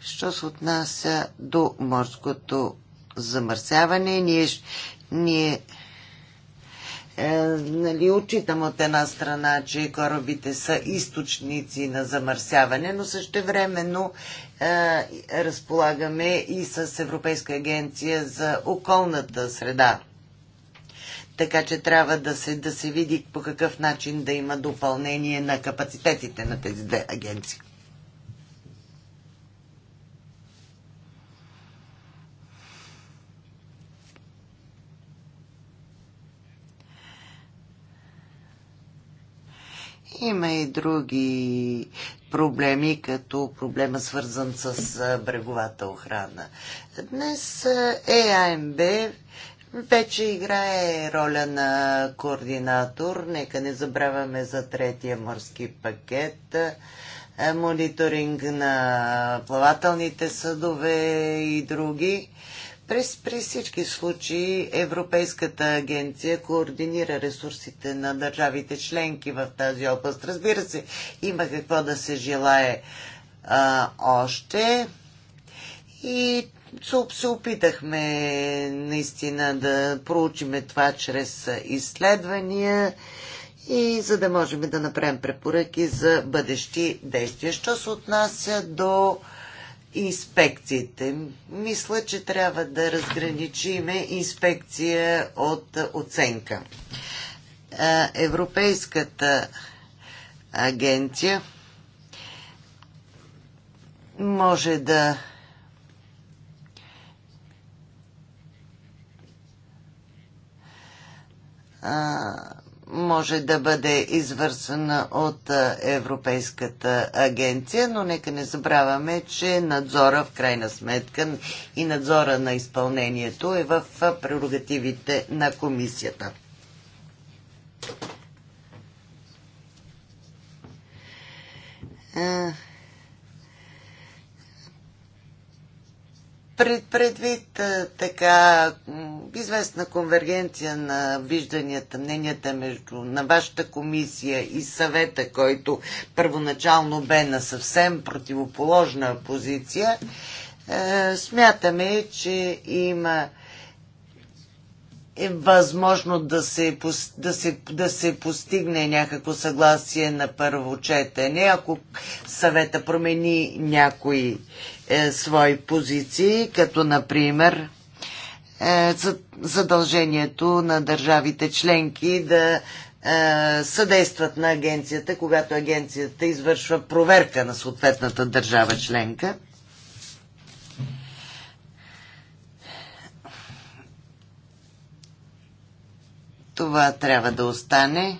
Що се отнася до морското замърсяване, ние, ние е, нали, отчитам от една страна, че корабите са източници на замърсяване, но също времено разполагаме и с Европейска агенция за околната среда. Така че трябва да се, да се види по какъв начин да има допълнение на капацитетите на тези две агенции. Има и други, проблеми, като проблема свързан с бреговата охрана. Днес ЕАМБ вече играе роля на координатор. Нека не забравяме за третия морски пакет, мониторинг на плавателните съдове и други. През, при всички случаи Европейската агенция координира ресурсите на държавите членки в тази област. Разбира се, има какво да се желае а, още. И се опитахме наистина да проучиме това чрез изследвания и за да можем да направим препоръки за бъдещи действия. Що се отнася до инспекциите. Мисля, че трябва да разграничиме инспекция от оценка. Европейската агенция може да а, може да бъде извършена от Европейската агенция, но нека не забравяме, че надзора в крайна сметка и надзора на изпълнението е в прерогативите на комисията. пред, предвид така известна конвергенция на вижданията, мненията между на вашата комисия и съвета, който първоначално бе на съвсем противоположна позиция, е, смятаме, че има е възможно да се, да, се, да се постигне някакво съгласие на първо четене, ако съвета промени някои е, свои позиции, като например е, задължението на държавите членки да е, съдействат на агенцията, когато агенцията извършва проверка на съответната държава членка. Това трябва да остане.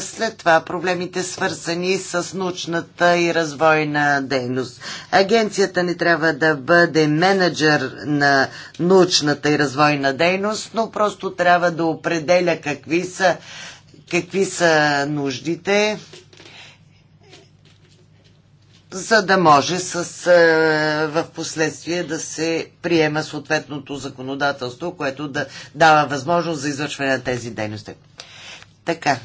След това проблемите свързани с научната и развойна дейност. Агенцията не трябва да бъде менеджер на научната и развойна дейност, но просто трябва да определя какви са, какви са нуждите за да може с, е, в последствие да се приема съответното законодателство, което да дава възможност за извършване на тези дейности. Така.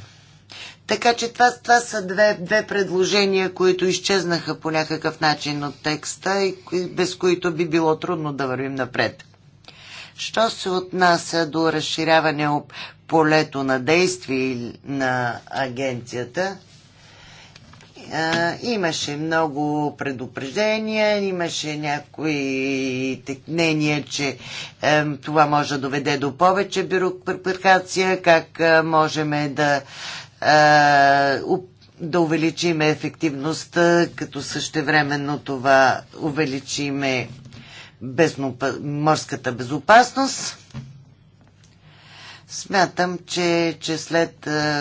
Така че това, това са две, две предложения, които изчезнаха по някакъв начин от текста и без които би било трудно да вървим напред. Що се отнася до разширяване полето на действие на агенцията, а, имаше много предупреждения, имаше някои текнения, че а, това може да доведе до повече бюрокрация, как а, можем да а, да увеличиме ефективността, като същевременно това увеличиме безнопа, морската безопасност. Смятам, че, че след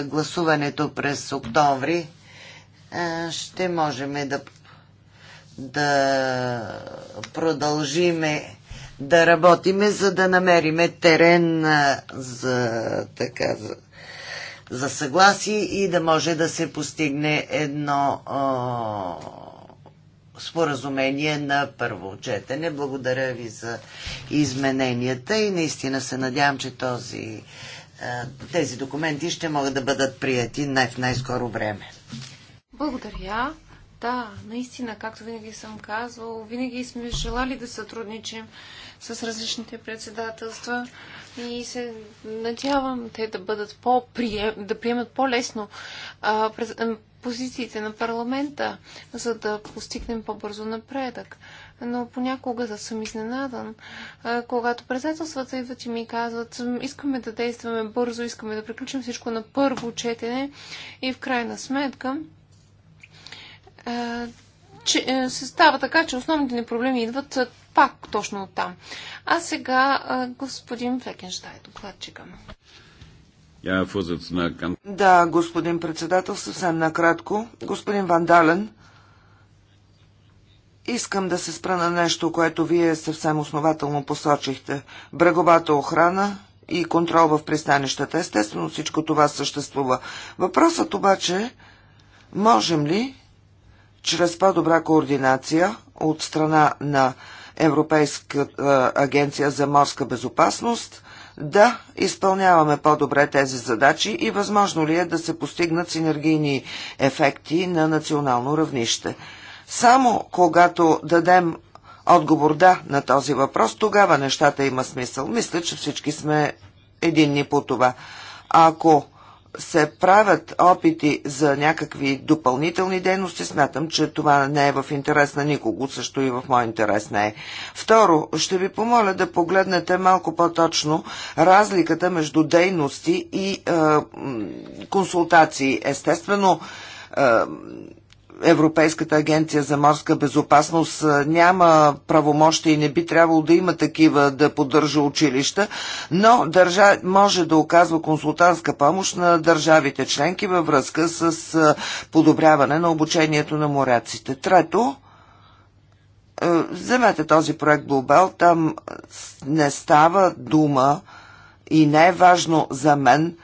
гласуването през октомври е, ще можем да, да продължиме да работиме, за да намериме терен е, за, така, за, за съгласие и да може да се постигне едно о, споразумение на първо четене. Благодаря ви за измененията и наистина се надявам, че този, е, тези документи ще могат да бъдат прияти най- в най-скоро време. Благодаря. Да, наистина, както винаги съм казвал, винаги сме желали да сътрудничим с различните председателства и се надявам те да бъдат по да приемат по-лесно позициите на парламента, за да постигнем по-бързо напредък. Но понякога да съм изненадан, а, когато председателствата идват и ми казват, искаме да действаме бързо, искаме да приключим всичко на първо четене и в крайна сметка че, е, се става така, че основните ни проблеми идват е, пак точно от там. А сега е, господин Флекенштай, докладчика. Да, господин председател, съвсем накратко. Господин Вандален, искам да се спра на нещо, което вие съвсем основателно посочихте. Бреговата охрана и контрол в пристанищата. Естествено всичко това съществува. Въпросът обаче, можем ли чрез по-добра координация от страна на Европейската агенция за морска безопасност да изпълняваме по-добре тези задачи и възможно ли е да се постигнат синергийни ефекти на национално равнище. Само когато дадем отговор да на този въпрос, тогава нещата има смисъл. Мисля, че всички сме единни по това. ако се правят опити за някакви допълнителни дейности, смятам, че това не е в интерес на никого, също и в мой интерес не е. Второ, ще ви помоля да погледнете малко по-точно разликата между дейности и е, консултации. Естествено, е, Европейската агенция за морска безопасност няма правомощи и не би трябвало да има такива да поддържа училища, но държа... може да оказва консултантска помощ на държавите членки във връзка с подобряване на обучението на моряците. Трето, вземете този проект Глобал, там не става дума и не е важно за мен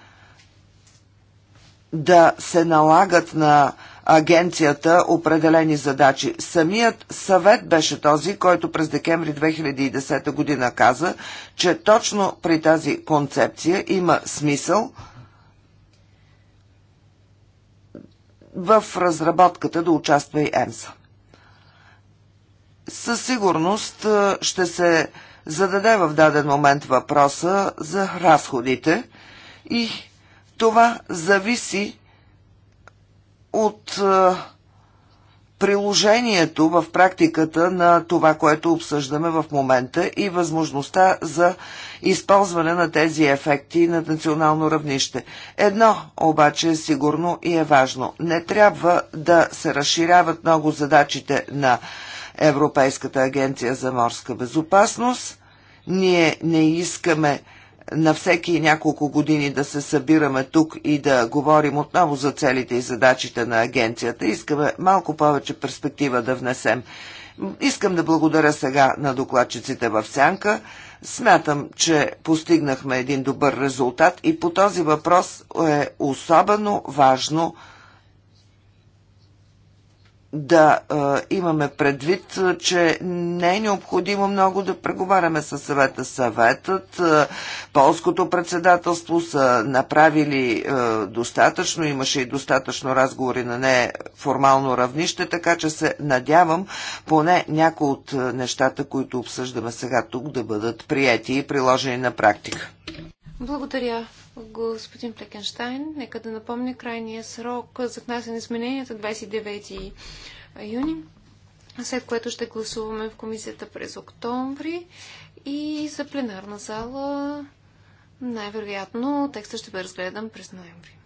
да се налагат на агенцията определени задачи. Самият съвет беше този, който през декември 2010 година каза, че точно при тази концепция има смисъл в разработката да участва и ЕМСА. Със сигурност ще се зададе в даден момент въпроса за разходите и това зависи от е, приложението в практиката на това, което обсъждаме в момента и възможността за използване на тези ефекти на национално равнище. Едно обаче е сигурно и е важно. Не трябва да се разширяват много задачите на Европейската агенция за морска безопасност. Ние не искаме на всеки няколко години да се събираме тук и да говорим отново за целите и задачите на агенцията. Искаме малко повече перспектива да внесем. Искам да благодаря сега на докладчиците в Сянка. Смятам, че постигнахме един добър резултат и по този въпрос е особено важно – да а, имаме предвид, че не е необходимо много да преговаряме с съвета. Съветът, а, полското председателство са направили а, достатъчно, имаше и достатъчно разговори на неформално равнище, така че се надявам поне някои от нещата, които обсъждаме сега тук, да бъдат прияти и приложени на практика. Благодаря господин Плекенштайн. Нека да напомня крайния срок за внасяне измененията 29 юни, след което ще гласуваме в комисията през октомври и за пленарна зала най-вероятно текстът ще бъде разгледан през ноември.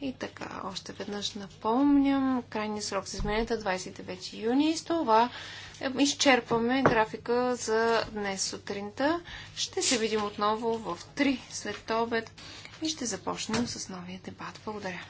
И така, още веднъж напомням, крайния срок за измененията 29 юни и с това изчерпваме графика за днес сутринта. Ще се видим отново в 3 след обед и ще започнем с новия дебат. Благодаря.